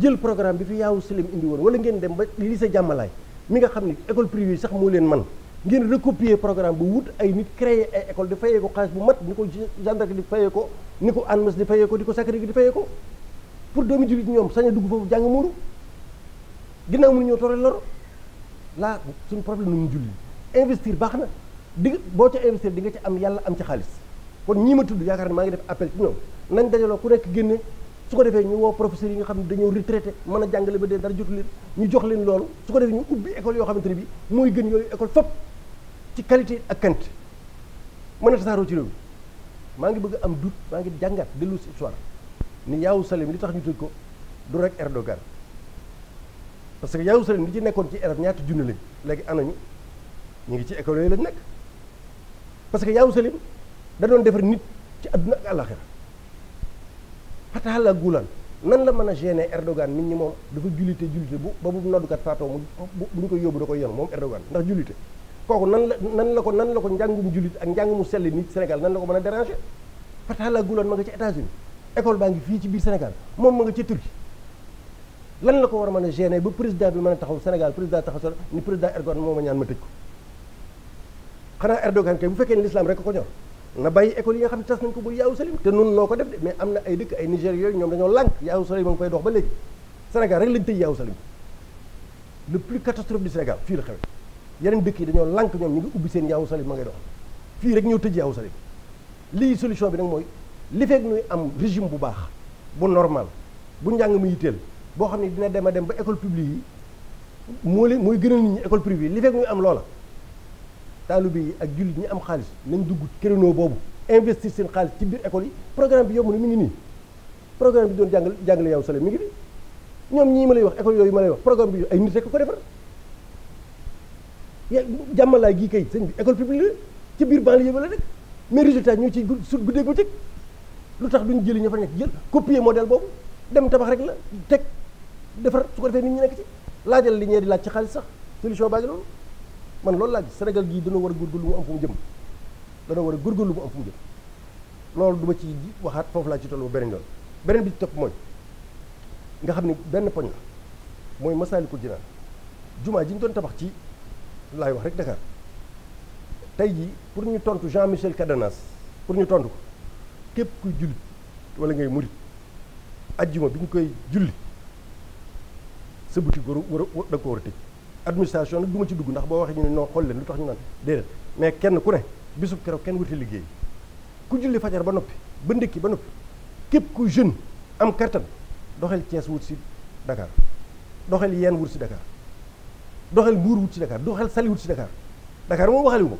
jël programme bi fi yaawu silim indi woon wala ngeen dem ba lycée jàmmalaay mi nga xam ne école privée sax moo leen man ngeen recopier programme bu wut ay nit créer ay école di fayee ko xaalis bu mat ni ko gendarme di fayee ko ni ko ANMES di fayee ko di ko Sacré-Cœur di ko pour doomi jullit ñoom sañ a dugg jàng muuru ginnaaw mënu ñoo toore loro laa suñ problème nañu julli investir baax na di boo ca investir di nga ci am yàlla am ci xaalis kon ñii ma tudd yaakaar ne maa ngi def appel ci ñoom nañ dajaloo ku nekk génne su ko defee ñu woo professeurs yi nga xam ne dañoo retraité mën a jàngale ba dee dara jotu leen ñu jox leen loolu su ko defee ñu ubbi école yoo xamante bi mooy gën yooyu école fop ci qualité ak quantité mën a tasaaroo ci réew mi maa ngi bëgg am doute maa ngi jàngat dellu si histoire ni yaawu Salim li tax ñu tëj ko du rek Erdogan parce que Yerusalem li ci nekkoon ci arab ñaata junni lañ léegi anañu ñu ngi ci école yooyu lañ nekk parce que Yerusalem da doon defar nit ci àdduna ak àllaxira fataala gulaan nan la mën a gêner Erdogan nit ñi moom dafa jullite jullite bu ba bu noddukat faatoo mu bu ko yóbbu da koy yoon moom Erdogan ndax jullite kooku nan la nan la ko nan la ko njàngum jullit ak njàngumu sell nit Sénégal nan la ko mën a déranger fataala gulaan ma nga ci états baa ngi fii ci biir Sénégal moom ma nga ca Turquie lan la ko war a a gêner ba président bi mën a taxaw Sénégal président taxaw sa ni président Erdogan moo ma ñaan ma tëj ko xanaa Erdogan kay bu fekkee ne l'islam rek ko ñor na bàyyi école yi nga xam ne tas nañ ko bu yaawu salim te nun noo ko def de mais am na ay dëkk ay Nigéria yooyu ñoom dañoo lànk yaawu salim ma koy dox ba léegi Sénégal rek lañ tëj yaawu salim le plus catastrophe du Sénégal fii la xewe yeneen dëkk yi dañoo lànk ñoom ñu ubbi seen yaawu salim ma ngay dox fii rek ñëw tëj yaawu salim lii solution bi nag mooy li fekk nuy am régime bu baax bu normal bu njàng mu yitteel boo xam ne dina dem a dem ba école publique yi moo leen mooy gënal nit ñi école privée li fekk muy am loola taalibe yi ak jullit ñi am xaalis nañ dugg créneau boobu investir seen xaalis ci biir école yi programme bi yomb na mi ngi nii programme bi doon jàngal jàngale yow sale mi ngi nii ñoom ñii ma lay wax école yooyu ma lay wax programme bi ay nit rek ko defar ya jàmmalaay gii kay sëñ bi école publique la ci biir banlieue ba la rek mais résultat ñoo ciy su guddeeg bëccëg lu tax duñ jëli ña fa nekk jël copier modèle boobu dem tabax rek la teg defar su ko defee nit ñi nekk ci laajal li ñee di laaj ci xaalis sax solution baa ngi loolu man loolu laa gis Sénégal gii dana war a góorgóorlu mu am fu mu jëm dana war a góorgóorlu mu am fu mu jëm loolu du ma ci waxaat foofu laa ci toll ba beneen yoon beneen bi ci topp mooy nga xam ni benn poñ la mooy Masaalikul Jinaan jumaa ji ñu doon tabax ci laay wax rek Dakar tey ji pour ñu tontu Jean Michel Cadenas pour ñu tontu ko képp kuy jullit wala ngay murit ajjuma bi ñu koy julli sa boutique war a war a da nga ko war a tëj administration nag ci dugg ndax boo waxee ñu ne non xool leen lu tax ñu naan déedéet mais kenn ku ne bisub keroog kenn wuti liggéey ku julli fajar ba noppi ba ndékki ba noppi képp ku jeune am kattan doxel Thiès wut si Dakar doxel yeen wut si Dakar doxel Mbuur wut si Dakar doxel Sali wut si Dakar Dakar moom waxali wu ko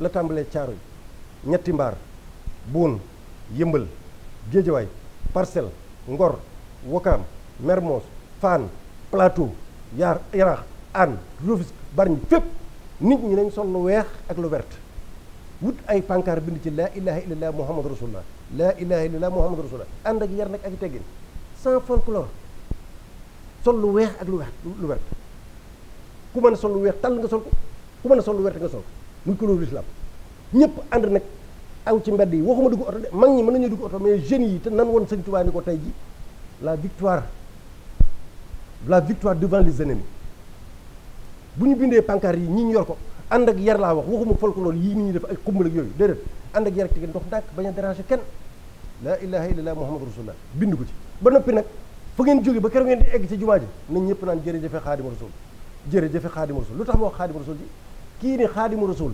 la tàmbalee caaro yi ñetti mbaar buun yëmbal géejawaay parcelle ngor wakaam mermoz faan plateau yaar yaraax an Rufisque Bargny fépp nit ñi nañ sol lu weex ak lu wert wut ay pancarte bind ci laa ilaha illallah muhammadu rasulullah laa ilaha illallah muhammadu rasulullah ànd ak yar nag ak teggin sans folklore sol lu weex ak lu weex lu vert ku mën a sol lu weex tàll nga sol ko ku mën sol lu vert nga sol ko muy couleur l'islam ñëpp ànd nag aw ci mbedd yi waxuma dugg oto de mag ñi mën nañoo dugg oto mais jeunes yi te nan woon sëñ Tuubaa ko tey ji la victoire la victoire devant les ennemis bu ñu bindee pancarte yi ñi ñu yor ko ànd ak yar laa wax waxuma folklore yii ni ñuy def ay xumbal ak yooyu déedéet ànd ak yar ak tegin ndox ndànk bañ a déranger kenn laa ilaha illallah muhammadu rasulullah bind ko ci ba noppi nag fa ngeen jógee ba keroog ngeen di egg ci jumaa ji nañ ñëpp naan jërëjëfe xaadima rasul jërëjëfe xaadima rasul lu tax ma wax xaadima rasul ji kii ne xaadima rasul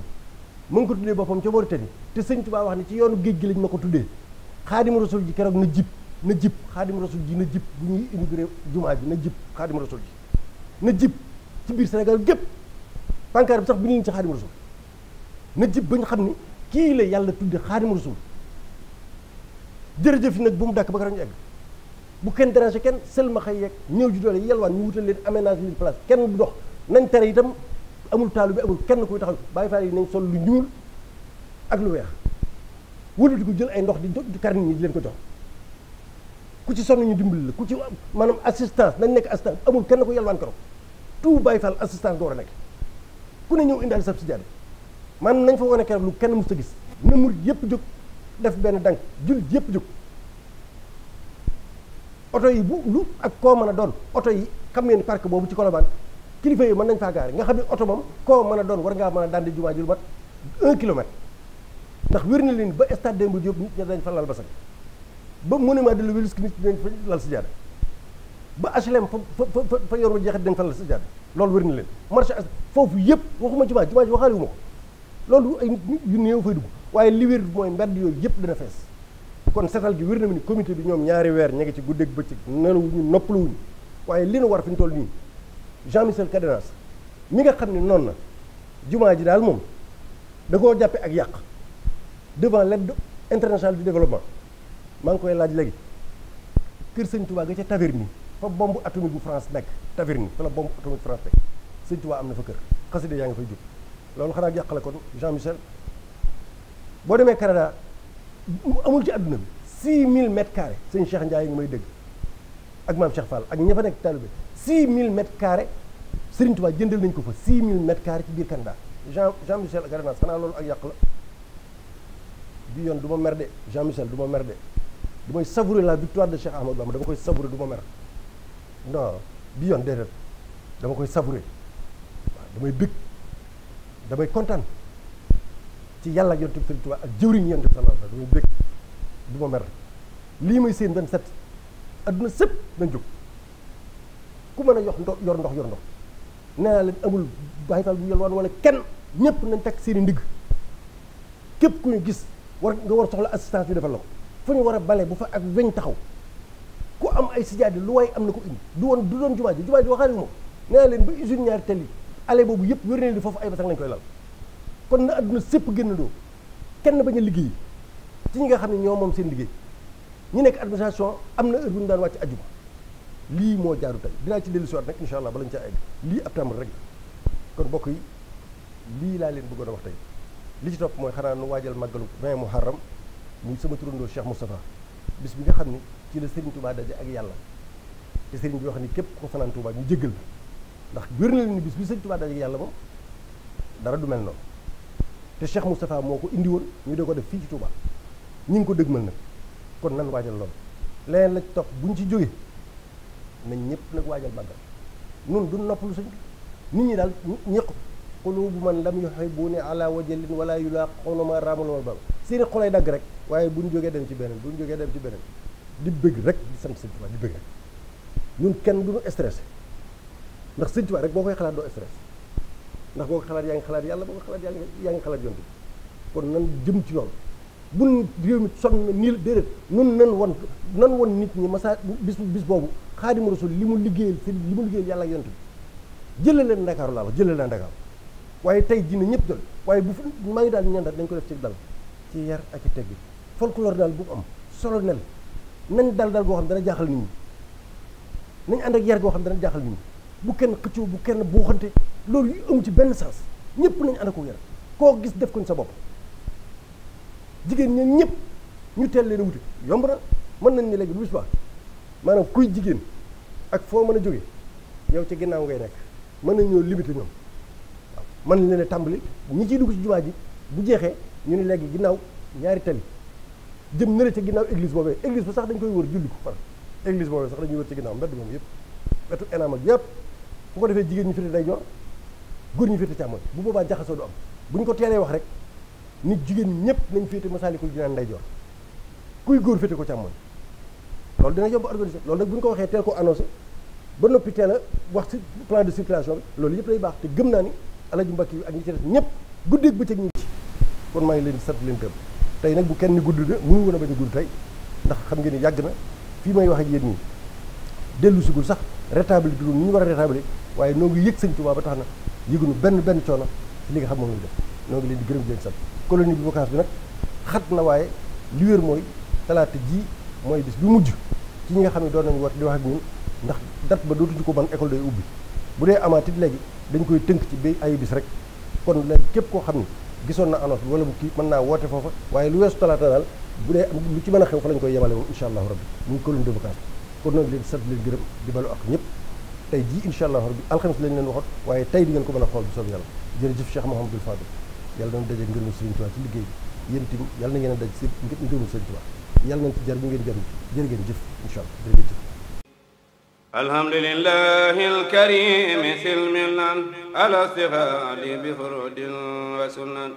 mu ngi ko tuddee boppam ca Mauritanie te sëñ Tuubaa wax ne ci yoonu géej gi lañ ma ko tuddee xaadima rasul ji keroog na jib na jib xaadim rasul ji na jib bu ñuy inauguré jumaa ji na jib xaadim rasul ji na jib ci biir Sénégal gépp pancarte bi sax bi ñu ci xaadim na jib ba ñu xam ni kii la yàlla tudde xaadim rasul jërëjëf yi nag bu mu dàkk ba ko bu kenn déranger kenn selma yeeg ñëw ju doole yelwaan ñu wutal leen aménage leen place kenn bu dox nañ tere itam amul taalu kenn kuy taxaw bàyyi yi nañ sol lu ñuul ak lu weex wëlbati ko jël ay ndox di jox kar nit ñi di leen ko jox ku ci sonn ñu dimbali la ku ci maanaam assistance nañ nekk assistance amul kenn ko yalwaan keroog tout bàyyi faal assistance nga war a nekk ku ne ñëw indaale subsidiaire maanaam nañ fa wane keroog lu kenn mu mësta gis na yëpp jóg def benn dank jul yëpp jóg oto yi bu lu ak koo mën a doon oto yi xam ngeen parc boobu ci Colobane kilifa yi mën nañ faa gaare nga xam ne oto moom koo mën a doon war ngaa mën a daan di jumaa ji lu mat un kilomètre ndax wér na leen ba stade Demba Diop nit ña dañ fa lal basan ba mu monument de l'Obélisque nit ñi dañ fa lal sajjaada ba HLM fa fa fa yor ma jeexit dañ fa lal sajjaada loolu wér na leen marché foofu yëpp waxuma jumaa jumaa ji waxaale wu ma ko loolu ay nit yu néew fay waaye li wér mooy mbedd yooyu yëpp dana kon setal gi wér na mu ni comité bi ñoom ñaari weer ngi ci guddeeg bëccëg nelawuñu noppaluwuñu waaye li nu war fi ñu toll nii Jean Michel Cadenas mi nga xam ne noonu na jumaa ji daal moom da koo jàppee ak yàq devant l'aide internationale du développement maa ngi koy laaj léegi kër sëñ Touba ga ca Taverny fa bomb atomique bu France nekk Taverny fa la bombe atomique France nekk sëñ am na fa kër xasida yaa ngi fay jub loolu xanaa yàq la kon Jean Michel boo demee Canada amul ci àdduna bi 6000 mètres carrés sëñ Cheikh yi ngi may dégg ak maam Cheikh Fall ak ña fa nekk taalibe 6000 mètres carrés Serigne Touba jëndal nañu ko fa 6000 mètres carrés ci biir Canada Jean Jean Michel ak Renaas xanaa loolu ak yàq la bi yoon du ma merde Jean Michel du ma merde. mooy savourer la victoire de Cheikh Ahmadou Bamba dama koy savourer du ma mer non bi yoon déedéet dama koy savourer waaw damay bég damay kontaan ci yàlla ak yonent bi Sëriñ Tuubaa ak jëwriñ yonent bi sallallahu alayhi wasallam damay bég du mer lii may seen 27 adduna sëpp nañ jóg ku mën a yox ndox yor ndox yor ndox amul bàyyi taal bu yelwaan wala kenn ñëpp nañ teg seen i ndigg képp ku ñu gis war nga war soxla assistance bi defal la ko fu ñu war a bale bu fa ak weñ taxaw ku am ay sijaadi lu waay am na ko indi du woon du doon jumaa ji jumaa ji waxaale moom nee naa leen ba usine ñaari tali ale boobu yëpp wér na di foofu ay basan lañ koy lal kon na adduna sépp doo kenn bañ a liggéey ci ñi nga xam ne ñoo moom seen liggéey ñu nekk administration am na heure bu ñu daan wàcc ajuma lii moo jaaru tey dinaa ci dellu si waat nag incha allah bala ñu caa egg lii ab tàmbali rek kon bokk yi lii laa leen bëggoon a wax tey li ci topp mooy xanaa nu waajal màggalu 20 muharram muy sama turandoo Cheikh Moustapha bis bi nga xam ne ci la Serigne Touba daje ak yàlla te Serigne bi wax ni képp ko fanaan Touba ñu jéggal ndax wér na leen ni bis bi Serigne Touba daje yàlla moom dara du mel noonu te Cheikh Moustapha moo ko indi woon ñu dee ko def fii ci Touba ñu ngi ko dëgmal nag kon nan waajal loolu leneen la topp bu ñu ci jógee nañ ñëpp nag waajal màggal nun du noppalu sëñ bi nit ñi daal ñeq xulubu man lam yuhibbuni ala wajalin wala yulaa laa raamul wal ba seeni xolay dagg rek waaye bu ñu jógee dem ci beneen bu ñu jógee dem ci beneen di bëgg rek di sant sëñ Tuubaa di bëgg rek ñun kenn du ñu stressé ndax sëñ Tuubaa rek boo koy xalaat doo stressé ndax boo ko xalaat yaa ngi xalaat yàlla boo ko xalaat yàlla yaa ngi xalaat yoon bi kon nan jëm ci yoon buñ réew mi sonn nii la déedéet nun nan won nan won nit ñi masa bis bis boobu xaadimu rasul li mu liggéeyal fi li mu liggéeyal yàlla ak yonent bi jëlee leen ndakaaru laa wax jëlee leen ndakaaru waaye tey jii na ñëpp jël waaye bu fi maa ngi daal ñaan dañ ko def ci dal ci yar ak ci folklore daal bu am solo nel nañ dal dal goo xam dana jaaxal nit ñi nañ ànd ak yar goo xam dana jaaxal nit ñi bu kenn xëccoo bu kenn buuxante loolu yu amu ci benn sens ñëpp nañ ànd ak yar koo gis def koñ sa bopp jigéen ñeen ñëpp ñu teel leen a wuti yomb na mën nañ ne léegi bu subaa maanaam kuy jigéen ak foo mën a jóge yow ci ginnaaw ngay nekk mën nañ ñoo limité ñoom waaw mën nañ leen tàmbali ñi ciy dugg ci jumaa ji bu jeexee ñu ne léegi ginnaaw ñaari tali jëm nële ca ginnaaw église boobee église bu sax dañ koy wër julli ko far église boobee sax dañuy wër ci ginnaaw mbedd moom yëpp wetu enam ak yëpp ko defee jigéen ñi féete day jor góor ñi féete càmmoñ bu boobaa jaxasoo du am bu ñu ko teelee wax rek nit jigéen ñi ñëpp nañ féete masaalikul jinaan nday jor kuy góor féete ko càmmoñ loolu dina yomb organisé loolu nag bu ko waxee teel ko annoncé ba noppi teel a wax ci plan de circulation bi loolu yëpp lay baax te gëm naa ni alaji mbakk yi ak ñi ci ñëpp guddeeg bëccëg ñu ngi ci kon maa ngi leen di leen gërëm tey nag bu kenn gudd de mënu woon a ba a gudd tey ndax xam ngeen ni yàgg na fii may waxee ak yéen ñi dellu sigul sax rétabli dul ni ñu war a rétabli waaye noo ngi yëg sëñ Tuubaa ba tax na yëgunu benn benn coono ci li nga xam moom lañ def noo ngi leen di gërëm di leen sant colonie bi vacance bi nag xat na waaye li wér mooy talaata ji mooy bis bi mujj ci ñi nga xam ne doon nañu war di wax ak ñun ndax date ba dootuñu ko ban école day ubbi bu dee amaatit léegi dañ koy tënk ci bi ay bis rek kon léegi képp koo xam ne gisoon na annonce bi wala mu kii mën naa woote foofa waaye lu weesu talaata daal bu dee lu ci mën a xew fa lañ koy yemale moom allahu rabbi muy colonne de vacances kon nag leen sant leen gërëm di balu ak ñëpp tey jii incha allahu rabbi alxames lañ leen waxoon waaye tey di ngeen ko mën a xool bu soob yàlla jërëjëf Cheikh Mouhamadul Fadil yàlla nañ daje ngërëmu Sëriñ yàlla na ngeen a daj si ngërëmu Sëriñ Tuubaa yàlla nañ ci jar bu ngeen jar jërë ngeen jëf incha allah الحمد لله الكريم سلمنا على استفاد بفرد وسنن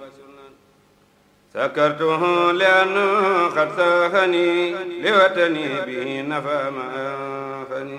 سكرته لأنه قد ساخني لوطني به نفى ما أنفني